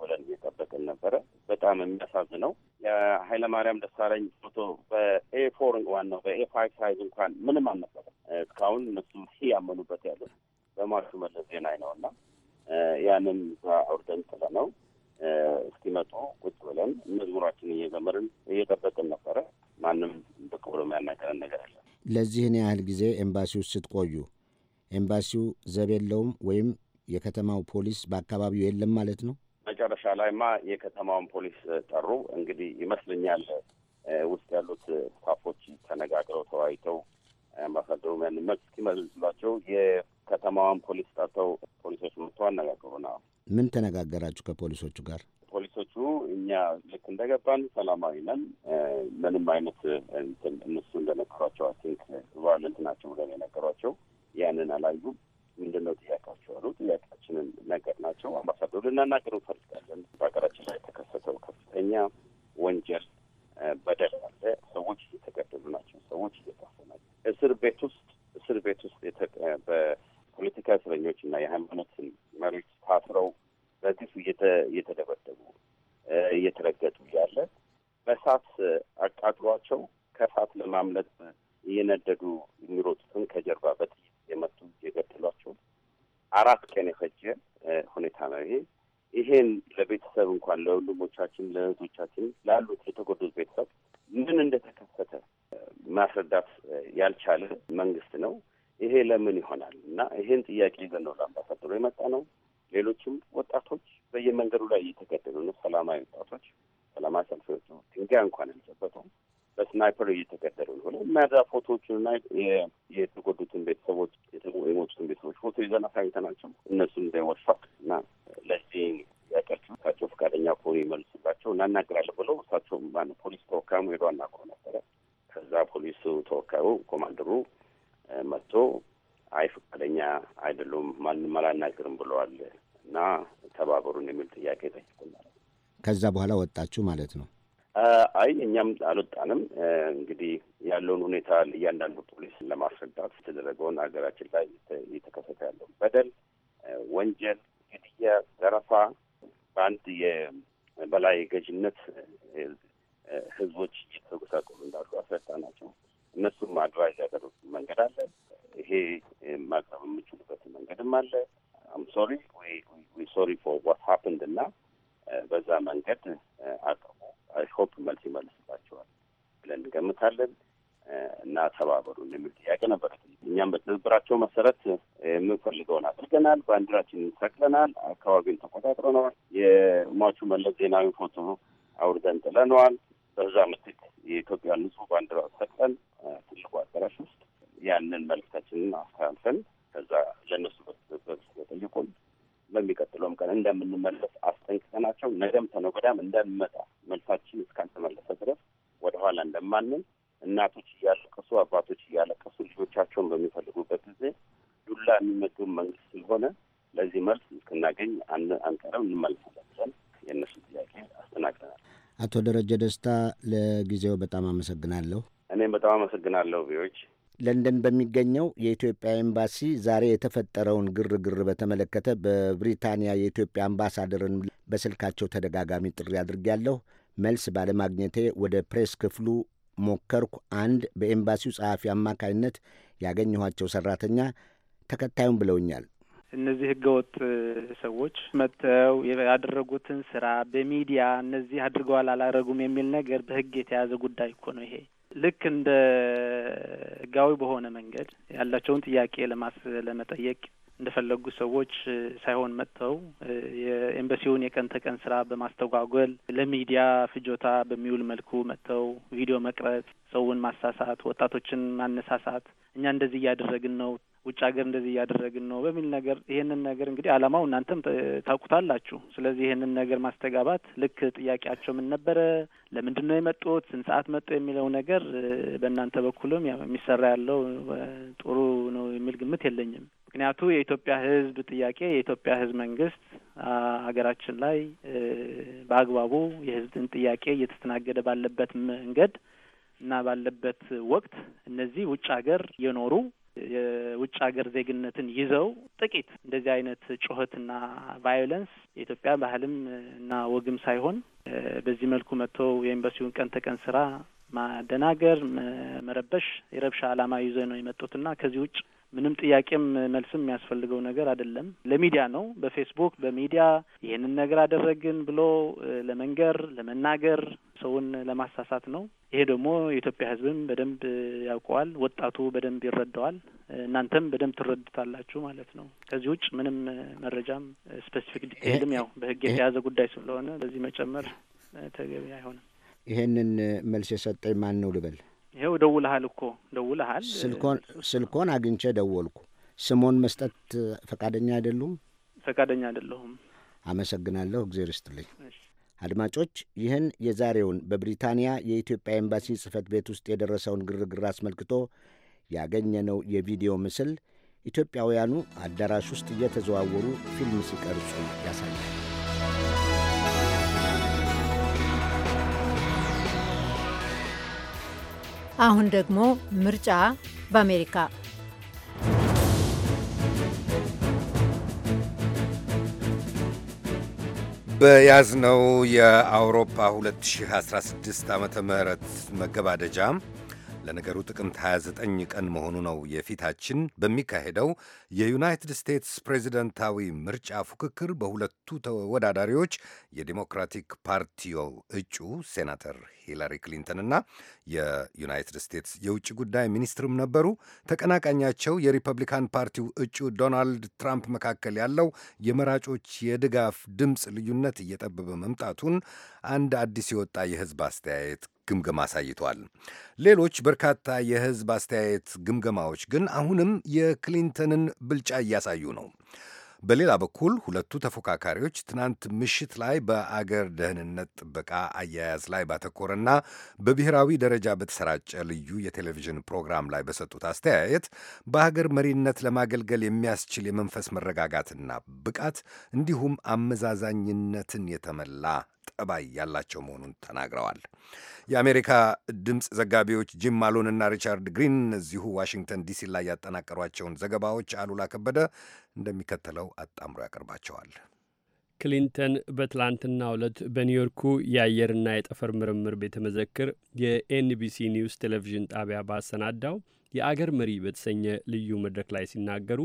ብለን እየጠበቅን ነበረ። በጣም የሚያሳዝነው የኃይለማርያም ደሳለኝ ፎቶ በኤ ፎር ዋናው በኤ ፋይቭ ሳይዝ እንኳን ምንም አልነበረ። እስካሁን እነሱ ያመኑበት ያሉት በማሹ መለስ ዜናዊ ነው እና ያንን እዛ አውርደን ነው እስኪመጡ ቁጭ ብለን መዝሙራችን እየዘመርን እየጠበቅን ነበረ። ማንም ብቅ ብሎ የሚያናገረን ነገር የለም። ለዚህን ያህል ጊዜ ኤምባሲው ስትቆዩ ኤምባሲው ዘብ የለውም ወይም የከተማው ፖሊስ በአካባቢው የለም ማለት ነው? መጨረሻ ላይማ የከተማውን ፖሊስ ጠሩ። እንግዲህ ይመስለኛል ውስጥ ያሉት ስታፎች ተነጋግረው ተወያይተው አምባሳደሩ ያንን መልስ እስኪመልስሏቸው የከተማዋን ፖሊስ ጠርተው ፖሊሶች መጥተው አነጋገሩ ነው። ምን ተነጋገራችሁ ከፖሊሶቹ ጋር? ፖሊሶቹ እኛ ልክ እንደገባን ሰላማዊ ነን፣ ምንም አይነት እነሱ እንደነገሯቸው አይ ቲንክ ቫዮለንት ናቸው ብለን የነገሯቸው ያንን አላዩም። ምንድን ነው ጥያቄያቸው ያሉ ጥያቄያችንን ነገር ናቸው አምባሳደሩ ልናናገሩ እንፈልጋለን። በሀገራችን ላይ የተከሰተው ከፍተኛ ወንጀል በደል አለ። ሰዎች እየተገደሉ ናቸው። ሰዎች እየጠፉ ናቸው። እስር ቤት ውስጥ እስር ቤት ውስጥ በፖለቲካ እስረኞች እና የሃይማኖትን መሪዎች ታስረው በግፍ እየተደበደቡ እየተረገጡ እያለ በእሳት አቃጥሏቸው ከእሳት ለማምለጥ እየነደዱ የሚሮጡትን ከጀርባ በጥይት የመጡ የገደሏቸው አራት ቀን የፈጀ ሁኔታ ነው ይሄ። ይሄን ለቤተሰብ እንኳን ለወንድሞቻችን፣ ለእህቶቻችን ላሉት የተጎዱት ቤተሰብ ምን እንደተከፈተ ማስረዳት ያልቻለ መንግስት ነው። ይሄ ለምን ይሆናል እና ይሄን ጥያቄ ይዘን ነው ለአምባሳደሩ የመጣ ነው። ሌሎችም ወጣቶች በየመንገዱ ላይ እየተገደሉ ነው። ሰላማዊ ወጣቶች ሰላማዊ ሰልፍ ድንጋይ እንኳን ያልጨበጡ በስናይፐር እየተገደሉ እንደሆነ መዛ ፎቶዎቹንና የተጎዱትን ቤተሰቦች የሞቱትን ቤተሰቦች ፎቶ ይዘን አሳይተናቸው እነሱም ደወርፋክ እና ለዚህ ያቀርችታቸው ፈቃደኛ ከሆኑ ይመልሱላቸው እናናገራለን ብለው እሳቸው ማነው ፖሊስ ተወካዩ ሄዶ አናግሮ ነበረ። ከዛ ፖሊሱ ተወካዩ ኮማንደሩ መጥቶ አይ ፈቃደኛ አይደሉም፣ ማንም አላናግርም ብለዋል እና ተባበሩን የሚል ጥያቄ ጠይቁ ከዛ በኋላ ወጣችሁ ማለት ነው። አይ እኛም አልወጣንም። እንግዲህ ያለውን ሁኔታ እያንዳንዱ ፖሊስ ለማስረዳት የተደረገውን ሀገራችን ላይ እየተከሰተ ያለው በደል፣ ወንጀል፣ ግድያ፣ ዘረፋ በአንድ የበላይ ገዥነት ህዝቦች እየተጎሳቆሉ እንዳሉ አስረታ ናቸው። እነሱም አድቫይዝ ያደረጉት መንገድ አለ። ይሄ ማቅረብ የምችሉበት መንገድም አለ። አም ሶሪ ሶሪ ፎር ዋት ሀፕንድ እና በዛ መንገድ አቅርቡ አይሆፕ መልስ ይመልስባቸዋል ብለን እንገምታለን እና ተባበሩን የሚል ጥያቄ ነበረ። እኛም በትብብራቸው መሰረት የምንፈልገውን አድርገናል። ባንዲራችን ሰቅለናል። አካባቢውን ተቆጣጥረነዋል። የሟቹ መለስ ዜናዊ ፎቶ አውርደን ጥለነዋል። በዛ ምትክ የኢትዮጵያ ንጹህ ባንዲራ ሰቅለን ትልቁ አዳራሽ ውስጥ ያንን መልእክታችንን አስተላልፈን ከዛ ለእነሱ በትብብር በጠየቁን በሚቀጥለውም ቀን እንደምንመለስ አስጠንቅቀናቸው ነገም ተነገ ወዲያም እንደሚመጣ አቶ ደረጀ ደስታ ለጊዜው በጣም አመሰግናለሁ። እኔም በጣም አመሰግናለሁ። ቪዎች ለንደን በሚገኘው የኢትዮጵያ ኤምባሲ ዛሬ የተፈጠረውን ግርግር በተመለከተ በብሪታንያ የኢትዮጵያ አምባሳደርን በስልካቸው ተደጋጋሚ ጥሪ አድርጌያለሁ። መልስ ባለማግኘቴ ወደ ፕሬስ ክፍሉ ሞከርኩ። አንድ በኤምባሲው ጸሐፊ አማካይነት ያገኘኋቸው ሠራተኛ ተከታዩም ብለውኛል። እነዚህ ህገወጥ ሰዎች መጥተው ያደረጉትን ስራ በሚዲያ እነዚህ አድርገዋል አላረጉም የሚል ነገር በህግ የተያዘ ጉዳይ እኮ ነው ይሄ። ልክ እንደ ህጋዊ በሆነ መንገድ ያላቸውን ጥያቄ ለማስ ለመጠየቅ እንደፈለጉ ሰዎች ሳይሆን መጥተው የኤምባሲውን የቀን ተቀን ስራ በማስተጓጎል ለሚዲያ ፍጆታ በሚውል መልኩ መጥተው ቪዲዮ መቅረጽ፣ ሰውን ማሳሳት፣ ወጣቶችን ማነሳሳት እኛ እንደዚህ እያደረግን ነው ውጭ ሀገር እንደዚህ እያደረግን ነው በሚል ነገር ይህንን ነገር እንግዲህ አላማው እናንተም ታውቁታላችሁ። ስለዚህ ይህንን ነገር ማስተጋባት ልክ ጥያቄያቸው ምን ነበረ፣ ለምንድን ነው የመጡት፣ ስንት ሰዓት መጡ የሚለው ነገር በእናንተ በኩልም የሚሰራ ያለው ጥሩ ነው የሚል ግምት የለኝም። ምክንያቱ የኢትዮጵያ ሕዝብ ጥያቄ የኢትዮጵያ ሕዝብ መንግስት ሀገራችን ላይ በአግባቡ የሕዝብን ጥያቄ እየተስተናገደ ባለበት መንገድ እና ባለበት ወቅት እነዚህ ውጭ ሀገር የኖሩ የውጭ ሀገር ዜግነትን ይዘው ጥቂት እንደዚህ አይነት ጩኸትና ቫዮለንስ የኢትዮጵያ ባህልም እና ወግም ሳይሆን በዚህ መልኩ መጥቶ የኤምባሲውን ቀን ተቀን ስራ ማደናገር፣ መረበሽ የረብሻ አላማ ይዘው ነው የመጡትና ከዚህ ውጭ ምንም ጥያቄም መልስም የሚያስፈልገው ነገር አይደለም። ለሚዲያ ነው። በፌስቡክ በሚዲያ ይህንን ነገር አደረግን ብሎ ለመንገር ለመናገር ሰውን ለማሳሳት ነው። ይሄ ደግሞ የኢትዮጵያ ሕዝብም በደንብ ያውቀዋል፣ ወጣቱ በደንብ ይረዳዋል፣ እናንተም በደንብ ትረዱታላችሁ ማለት ነው። ከዚህ ውጭ ምንም መረጃም ስፔሲፊክ ዲቴይልም ያው በህግ የተያዘ ጉዳይ ስለሆነ በዚህ መጨመር ተገቢ አይሆንም። ይሄንን መልስ የሰጠኝ ማን ነው ልበል? ይኸው ደውልሃል እኮ ደውልሃል። ስልኮን ስልኮን አግኝቼ ደወልኩ። ስሞን መስጠት ፈቃደኛ አይደሉም? ፈቃደኛ አይደለሁም። አመሰግናለሁ። እግዜር ይስጥልኝ። አድማጮች ይህን የዛሬውን በብሪታንያ የኢትዮጵያ ኤምባሲ ጽህፈት ቤት ውስጥ የደረሰውን ግርግር አስመልክቶ ያገኘነው የቪዲዮ ምስል ኢትዮጵያውያኑ አዳራሽ ውስጥ እየተዘዋወሩ ፊልም ሲቀርጹ ያሳያል። አሁን ደግሞ ምርጫ በአሜሪካ በያዝነው የአውሮፓ 2016 ዓ ምህረት መገባደጃ ለነገሩ ጥቅምት 29 ቀን መሆኑ ነው የፊታችን በሚካሄደው የዩናይትድ ስቴትስ ፕሬዚደንታዊ ምርጫ ፉክክር በሁለቱ ተወዳዳሪዎች የዲሞክራቲክ ፓርቲው እጩ ሴናተር ሂላሪ ክሊንተንና የዩናይትድ ስቴትስ የውጭ ጉዳይ ሚኒስትርም ነበሩ ተቀናቃኛቸው የሪፐብሊካን ፓርቲው እጩ ዶናልድ ትራምፕ መካከል ያለው የመራጮች የድጋፍ ድምፅ ልዩነት እየጠበበ መምጣቱን አንድ አዲስ የወጣ የህዝብ አስተያየት ግምገማ አሳይቷል። ሌሎች በርካታ የህዝብ አስተያየት ግምገማዎች ግን አሁንም የክሊንተንን ብልጫ እያሳዩ ነው። በሌላ በኩል ሁለቱ ተፎካካሪዎች ትናንት ምሽት ላይ በአገር ደህንነት ጥበቃ አያያዝ ላይ ባተኮረና በብሔራዊ ደረጃ በተሰራጨ ልዩ የቴሌቪዥን ፕሮግራም ላይ በሰጡት አስተያየት በሀገር መሪነት ለማገልገል የሚያስችል የመንፈስ መረጋጋትና ብቃት እንዲሁም አመዛዛኝነትን የተመላ ጠባይ ያላቸው መሆኑን ተናግረዋል። የአሜሪካ ድምፅ ዘጋቢዎች ጂም ማሎንና ሪቻርድ ግሪን እዚሁ ዋሽንግተን ዲሲ ላይ ያጠናቀሯቸውን ዘገባዎች አሉላ ከበደ እንደሚከተለው አጣምሮ ያቀርባቸዋል። ክሊንተን በትላንትና ዕለት በኒውዮርኩ የአየርና የጠፈር ምርምር ቤተ መዘክር የኤንቢሲ ኒውስ ቴሌቪዥን ጣቢያ ባሰናዳው የአገር መሪ በተሰኘ ልዩ መድረክ ላይ ሲናገሩ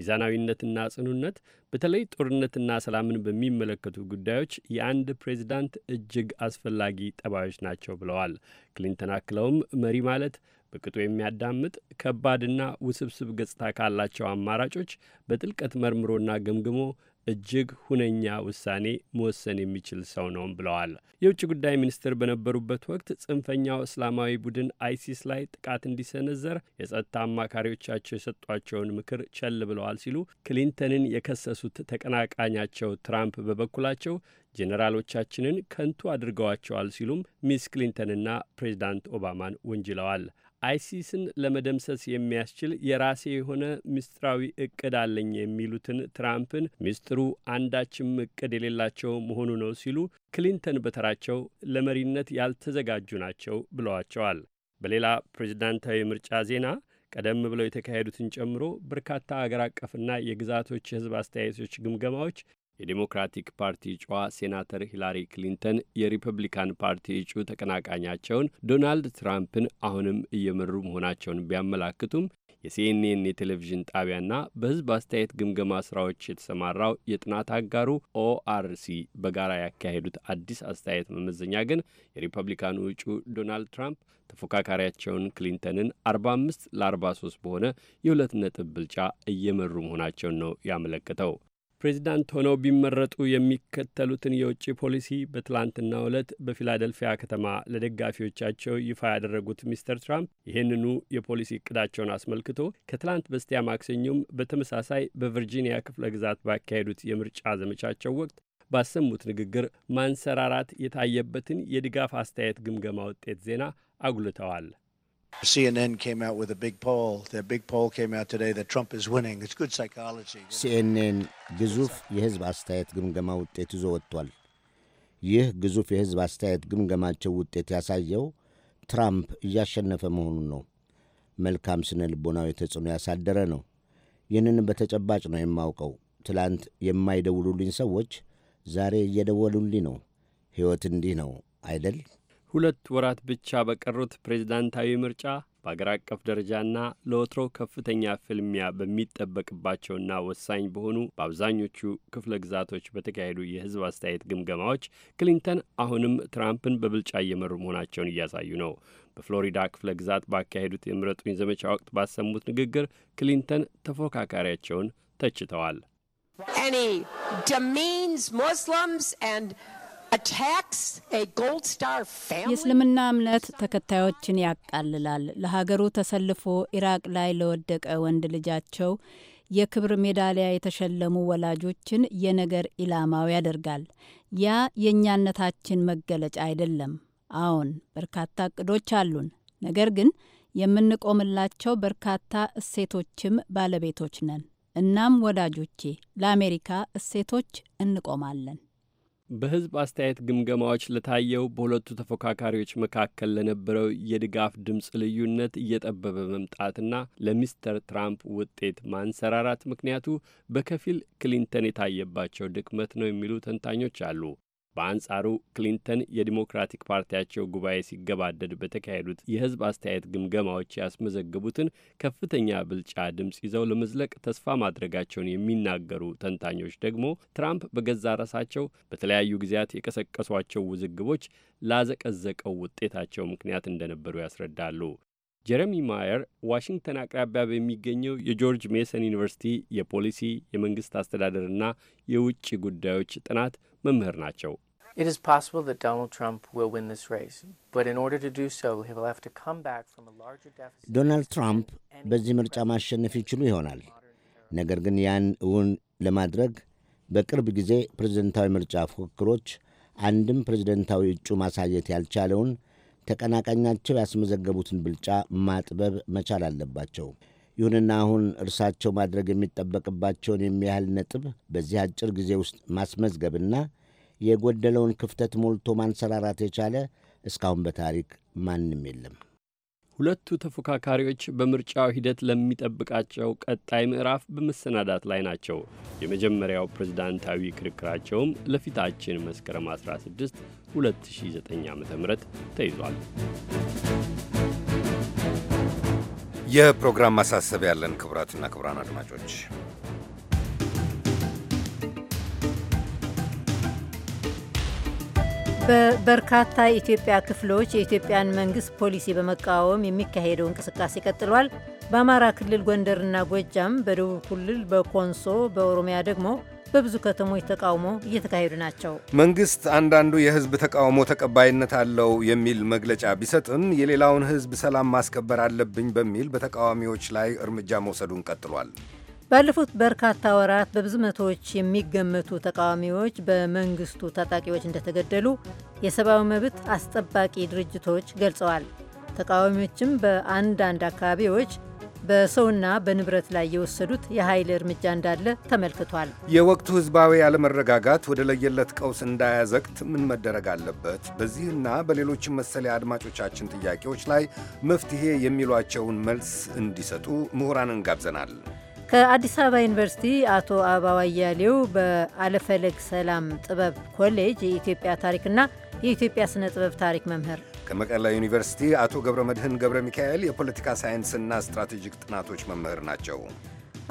ሚዛናዊነትና ጽኑነት በተለይ ጦርነትና ሰላምን በሚመለከቱ ጉዳዮች የአንድ ፕሬዚዳንት እጅግ አስፈላጊ ጠባዮች ናቸው ብለዋል። ክሊንተን አክለውም መሪ ማለት በቅጡ የሚያዳምጥ ከባድና ውስብስብ ገጽታ ካላቸው አማራጮች በጥልቀት መርምሮና ገምግሞ እጅግ ሁነኛ ውሳኔ መወሰን የሚችል ሰው ነውም ብለዋል። የውጭ ጉዳይ ሚኒስትር በነበሩበት ወቅት ጽንፈኛው እስላማዊ ቡድን አይሲስ ላይ ጥቃት እንዲሰነዘር የጸጥታ አማካሪዎቻቸው የሰጧቸውን ምክር ቸል ብለዋል ሲሉ ክሊንተንን የከሰሱት ተቀናቃኛቸው ትራምፕ በበኩላቸው ጄኔራሎቻችንን ከንቱ አድርገዋቸዋል ሲሉም ሚስ ክሊንተንና ፕሬዚዳንት ኦባማን ወንጅለዋል። አይሲስን ለመደምሰስ የሚያስችል የራሴ የሆነ ምስጢራዊ እቅድ አለኝ የሚሉትን ትራምፕን ምስጢሩ አንዳችም እቅድ የሌላቸው መሆኑ ነው ሲሉ ክሊንተን በተራቸው ለመሪነት ያልተዘጋጁ ናቸው ብለዋቸዋል። በሌላ ፕሬዝዳንታዊ ምርጫ ዜና ቀደም ብለው የተካሄዱትን ጨምሮ በርካታ አገር አቀፍና የግዛቶች የሕዝብ አስተያየቶች ግምገማዎች የዴሞክራቲክ ፓርቲ እጩዋ ሴናተር ሂላሪ ክሊንተን የሪፐብሊካን ፓርቲ እጩ ተቀናቃኛቸውን ዶናልድ ትራምፕን አሁንም እየመሩ መሆናቸውን ቢያመላክቱም የሲኤንኤን የቴሌቪዥን ጣቢያና በሕዝብ አስተያየት ግምገማ ስራዎች የተሰማራው የጥናት አጋሩ ኦአርሲ በጋራ ያካሄዱት አዲስ አስተያየት መመዘኛ ግን የሪፐብሊካኑ እጩ ዶናልድ ትራምፕ ተፎካካሪያቸውን ክሊንተንን 45 ለ43 በሆነ የሁለት ነጥብ ብልጫ እየመሩ መሆናቸውን ነው ያመለከተው። ፕሬዚዳንት ሆነው ቢመረጡ የሚከተሉትን የውጭ ፖሊሲ በትላንትናው ዕለት በፊላደልፊያ ከተማ ለደጋፊዎቻቸው ይፋ ያደረጉት ሚስተር ትራምፕ ይህንኑ የፖሊሲ እቅዳቸውን አስመልክቶ ከትላንት በስቲያ ማክሰኞም በተመሳሳይ በቨርጂኒያ ክፍለ ግዛት ባካሄዱት የምርጫ ዘመቻቸው ወቅት ባሰሙት ንግግር ማንሰራራት የታየበትን የድጋፍ አስተያየት ግምገማ ውጤት ዜና አጉልተዋል። ሲኤንኤን ግዙፍ የሕዝብ አስተያየት ግምገማ ውጤት ይዞ ወጥቷል። ይህ ግዙፍ የሕዝብ አስተያየት ግምገማቸው ውጤት ያሳየው ትራምፕ እያሸነፈ መሆኑን ነው። መልካም ስነ ልቦናዊ ተጽዕኖ ያሳደረ ነው። ይህንን በተጨባጭ ነው የማውቀው። ትላንት የማይደውሉልኝ ሰዎች ዛሬ እየደወሉልኝ ነው። ሕይወት እንዲህ ነው አይደል? ሁለት ወራት ብቻ በቀሩት ፕሬዝዳንታዊ ምርጫ በአገር አቀፍ ደረጃና ለወትሮ ከፍተኛ ፍልሚያ በሚጠበቅባቸውና ወሳኝ በሆኑ በአብዛኞቹ ክፍለ ግዛቶች በተካሄዱ የሕዝብ አስተያየት ግምገማዎች ክሊንተን አሁንም ትራምፕን በብልጫ እየመሩ መሆናቸውን እያሳዩ ነው። በፍሎሪዳ ክፍለ ግዛት ባካሄዱት የምረጡኝ ዘመቻ ወቅት ባሰሙት ንግግር ክሊንተን ተፎካካሪያቸውን ተችተዋል። የእስልምና እምነት ተከታዮችን ያቃልላል። ለሀገሩ ተሰልፎ ኢራቅ ላይ ለወደቀ ወንድ ልጃቸው የክብር ሜዳሊያ የተሸለሙ ወላጆችን የነገር ኢላማው ያደርጋል። ያ የእኛነታችን መገለጫ አይደለም። አዎን፣ በርካታ እቅዶች አሉን። ነገር ግን የምንቆምላቸው በርካታ እሴቶችም ባለቤቶች ነን። እናም ወዳጆቼ፣ ለአሜሪካ እሴቶች እንቆማለን። በህዝብ አስተያየት ግምገማዎች ለታየው በሁለቱ ተፎካካሪዎች መካከል ለነበረው የድጋፍ ድምፅ ልዩነት እየጠበበ መምጣትና ለሚስተር ትራምፕ ውጤት ማንሰራራት ምክንያቱ በከፊል ክሊንተን የታየባቸው ድክመት ነው የሚሉ ተንታኞች አሉ። በአንጻሩ ክሊንተን የዲሞክራቲክ ፓርቲያቸው ጉባኤ ሲገባደድ በተካሄዱት የህዝብ አስተያየት ግምገማዎች ያስመዘገቡትን ከፍተኛ ብልጫ ድምፅ ይዘው ለመዝለቅ ተስፋ ማድረጋቸውን የሚናገሩ ተንታኞች ደግሞ ትራምፕ በገዛ ራሳቸው በተለያዩ ጊዜያት የቀሰቀሷቸው ውዝግቦች ላዘቀዘቀው ውጤታቸው ምክንያት እንደነበሩ ያስረዳሉ። ጀረሚ ማየር ዋሽንግተን አቅራቢያ በሚገኘው የጆርጅ ሜሰን ዩኒቨርሲቲ የፖሊሲ የመንግሥት አስተዳደርና የውጭ ጉዳዮች ጥናት መምህር ናቸው። ዶናልድ ትራምፕ በዚህ ምርጫ ማሸነፍ ይችሉ ይሆናል። ነገር ግን ያን እውን ለማድረግ በቅርብ ጊዜ ፕሬዝደንታዊ ምርጫ ፉክክሮች አንድም ፕሬዝደንታዊ እጩ ማሳየት ያልቻለውን ተቀናቃኛቸው ያስመዘገቡትን ብልጫ ማጥበብ መቻል አለባቸው። ይሁንና አሁን እርሳቸው ማድረግ የሚጠበቅባቸውን የሚያህል ነጥብ በዚህ አጭር ጊዜ ውስጥ ማስመዝገብና የጎደለውን ክፍተት ሞልቶ ማንሰራራት የቻለ እስካሁን በታሪክ ማንም የለም። ሁለቱ ተፎካካሪዎች በምርጫው ሂደት ለሚጠብቃቸው ቀጣይ ምዕራፍ በመሰናዳት ላይ ናቸው። የመጀመሪያው ፕሬዝዳንታዊ ክርክራቸውም ለፊታችን መስከረም 16 2009 ዓ ም ተይዟል። የፕሮግራም ማሳሰብ ያለን ክቡራትና ክቡራን አድማጮች በበርካታ የኢትዮጵያ ክፍሎች የኢትዮጵያን መንግስት ፖሊሲ በመቃወም የሚካሄደው እንቅስቃሴ ቀጥሏል። በአማራ ክልል ጎንደርና ጎጃም፣ በደቡብ ክልል በኮንሶ በኦሮሚያ ደግሞ በብዙ ከተሞች ተቃውሞ እየተካሄዱ ናቸው። መንግስት አንዳንዱ የህዝብ ተቃውሞ ተቀባይነት አለው የሚል መግለጫ ቢሰጥም የሌላውን ህዝብ ሰላም ማስከበር አለብኝ በሚል በተቃዋሚዎች ላይ እርምጃ መውሰዱን ቀጥሏል። ባለፉት በርካታ ወራት በብዙ መቶዎች የሚገመቱ ተቃዋሚዎች በመንግስቱ ታጣቂዎች እንደተገደሉ የሰብአዊ መብት አስጠባቂ ድርጅቶች ገልጸዋል። ተቃዋሚዎችም በአንዳንድ አካባቢዎች በሰውና በንብረት ላይ የወሰዱት የኃይል እርምጃ እንዳለ ተመልክቷል። የወቅቱ ህዝባዊ አለመረጋጋት ወደ ለየለት ቀውስ እንዳያዘግት ምን መደረግ አለበት? በዚህና በሌሎችም መሰል አድማጮቻችን ጥያቄዎች ላይ መፍትሄ የሚሏቸውን መልስ እንዲሰጡ ምሁራንን ጋብዘናል። ከአዲስ አበባ ዩኒቨርሲቲ አቶ አበባው አያሌው በአለፈለግ ሰላም ጥበብ ኮሌጅ የኢትዮጵያ ታሪክና የኢትዮጵያ ስነ ጥበብ ታሪክ መምህር፣ ከመቀላ ዩኒቨርሲቲ አቶ ገብረ መድህን ገብረ ሚካኤል የፖለቲካ ሳይንስና ስትራቴጂክ ጥናቶች መምህር ናቸው።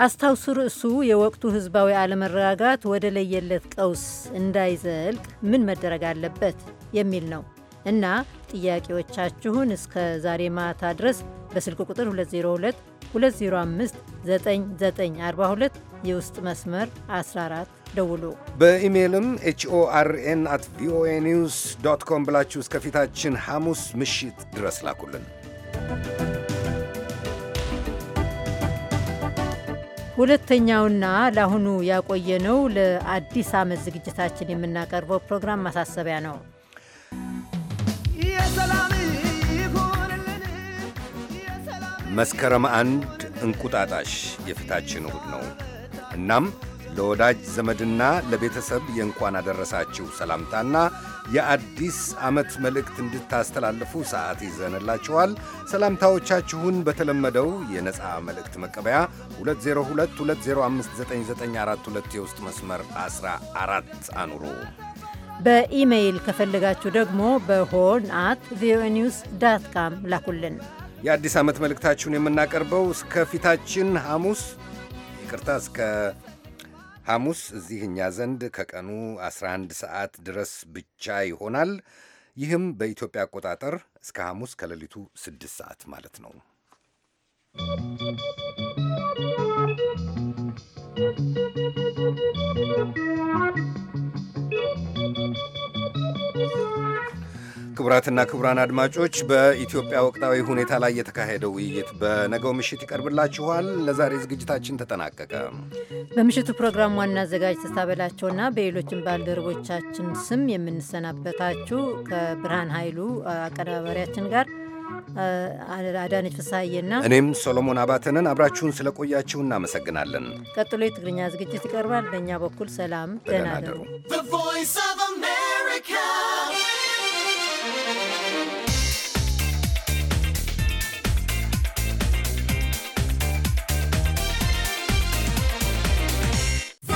አስታውሱ ርዕሱ የወቅቱ ህዝባዊ አለመረጋጋት ወደ ለየለት ቀውስ እንዳይዘልቅ ምን መደረግ አለበት የሚል ነው እና ጥያቄዎቻችሁን እስከ ዛሬ ማታ ድረስ በስልክ ቁጥር 202 205 የውስጥ መስመር 14 ደውሉ። በኢሜይልም ኤችኦአርኤን አት ቪኦኤ ኒውስ ዶት ኮም ብላችሁ እስከ ፊታችን ሐሙስ ምሽት ድረስ ላኩልን። ሁለተኛውና ለአሁኑ ያቆየነው ለአዲስ ዓመት ዝግጅታችን የምናቀርበው ፕሮግራም ማሳሰቢያ ነው። መስከረም አንድ እንቁጣጣሽ የፊታችን እሁድ ነው። እናም ለወዳጅ ዘመድና ለቤተሰብ የእንኳን አደረሳችሁ ሰላምታና የአዲስ ዓመት መልእክት እንድታስተላልፉ ሰዓት ይዘንላችኋል። ሰላምታዎቻችሁን በተለመደው የነፃ መልእክት መቀበያ 2022059942 የውስጥ መስመር 14 አኑሩ። በኢሜይል ከፈለጋችሁ ደግሞ በሆን አት ቪኦኤ ኒውስ ዳት ካም ላኩልን። የአዲስ ዓመት መልእክታችሁን የምናቀርበው እስከ ፊታችን ሐሙስ ይቅርታ፣ እስከ ሐሙስ እዚህ እኛ ዘንድ ከቀኑ 11 ሰዓት ድረስ ብቻ ይሆናል። ይህም በኢትዮጵያ አቆጣጠር እስከ ሐሙስ ከሌሊቱ 6 ሰዓት ማለት ነው። Thank you. ክቡራትና ክቡራን አድማጮች በኢትዮጵያ ወቅታዊ ሁኔታ ላይ የተካሄደው ውይይት በነገው ምሽት ይቀርብላችኋል። ለዛሬ ዝግጅታችን ተጠናቀቀ። በምሽቱ ፕሮግራም ዋና አዘጋጅ ተስታበላቸውና በሌሎችም ባልደረቦቻችን ስም የምንሰናበታችሁ ከብርሃን ኃይሉ አቀነባባሪያችን ጋር አዳነች ፍሳዬና እኔም ሶሎሞን አባተንን አብራችሁን ስለቆያችሁ እናመሰግናለን። ቀጥሎ የትግርኛ ዝግጅት ይቀርባል። በእኛ በኩል ሰላም፣ ደህና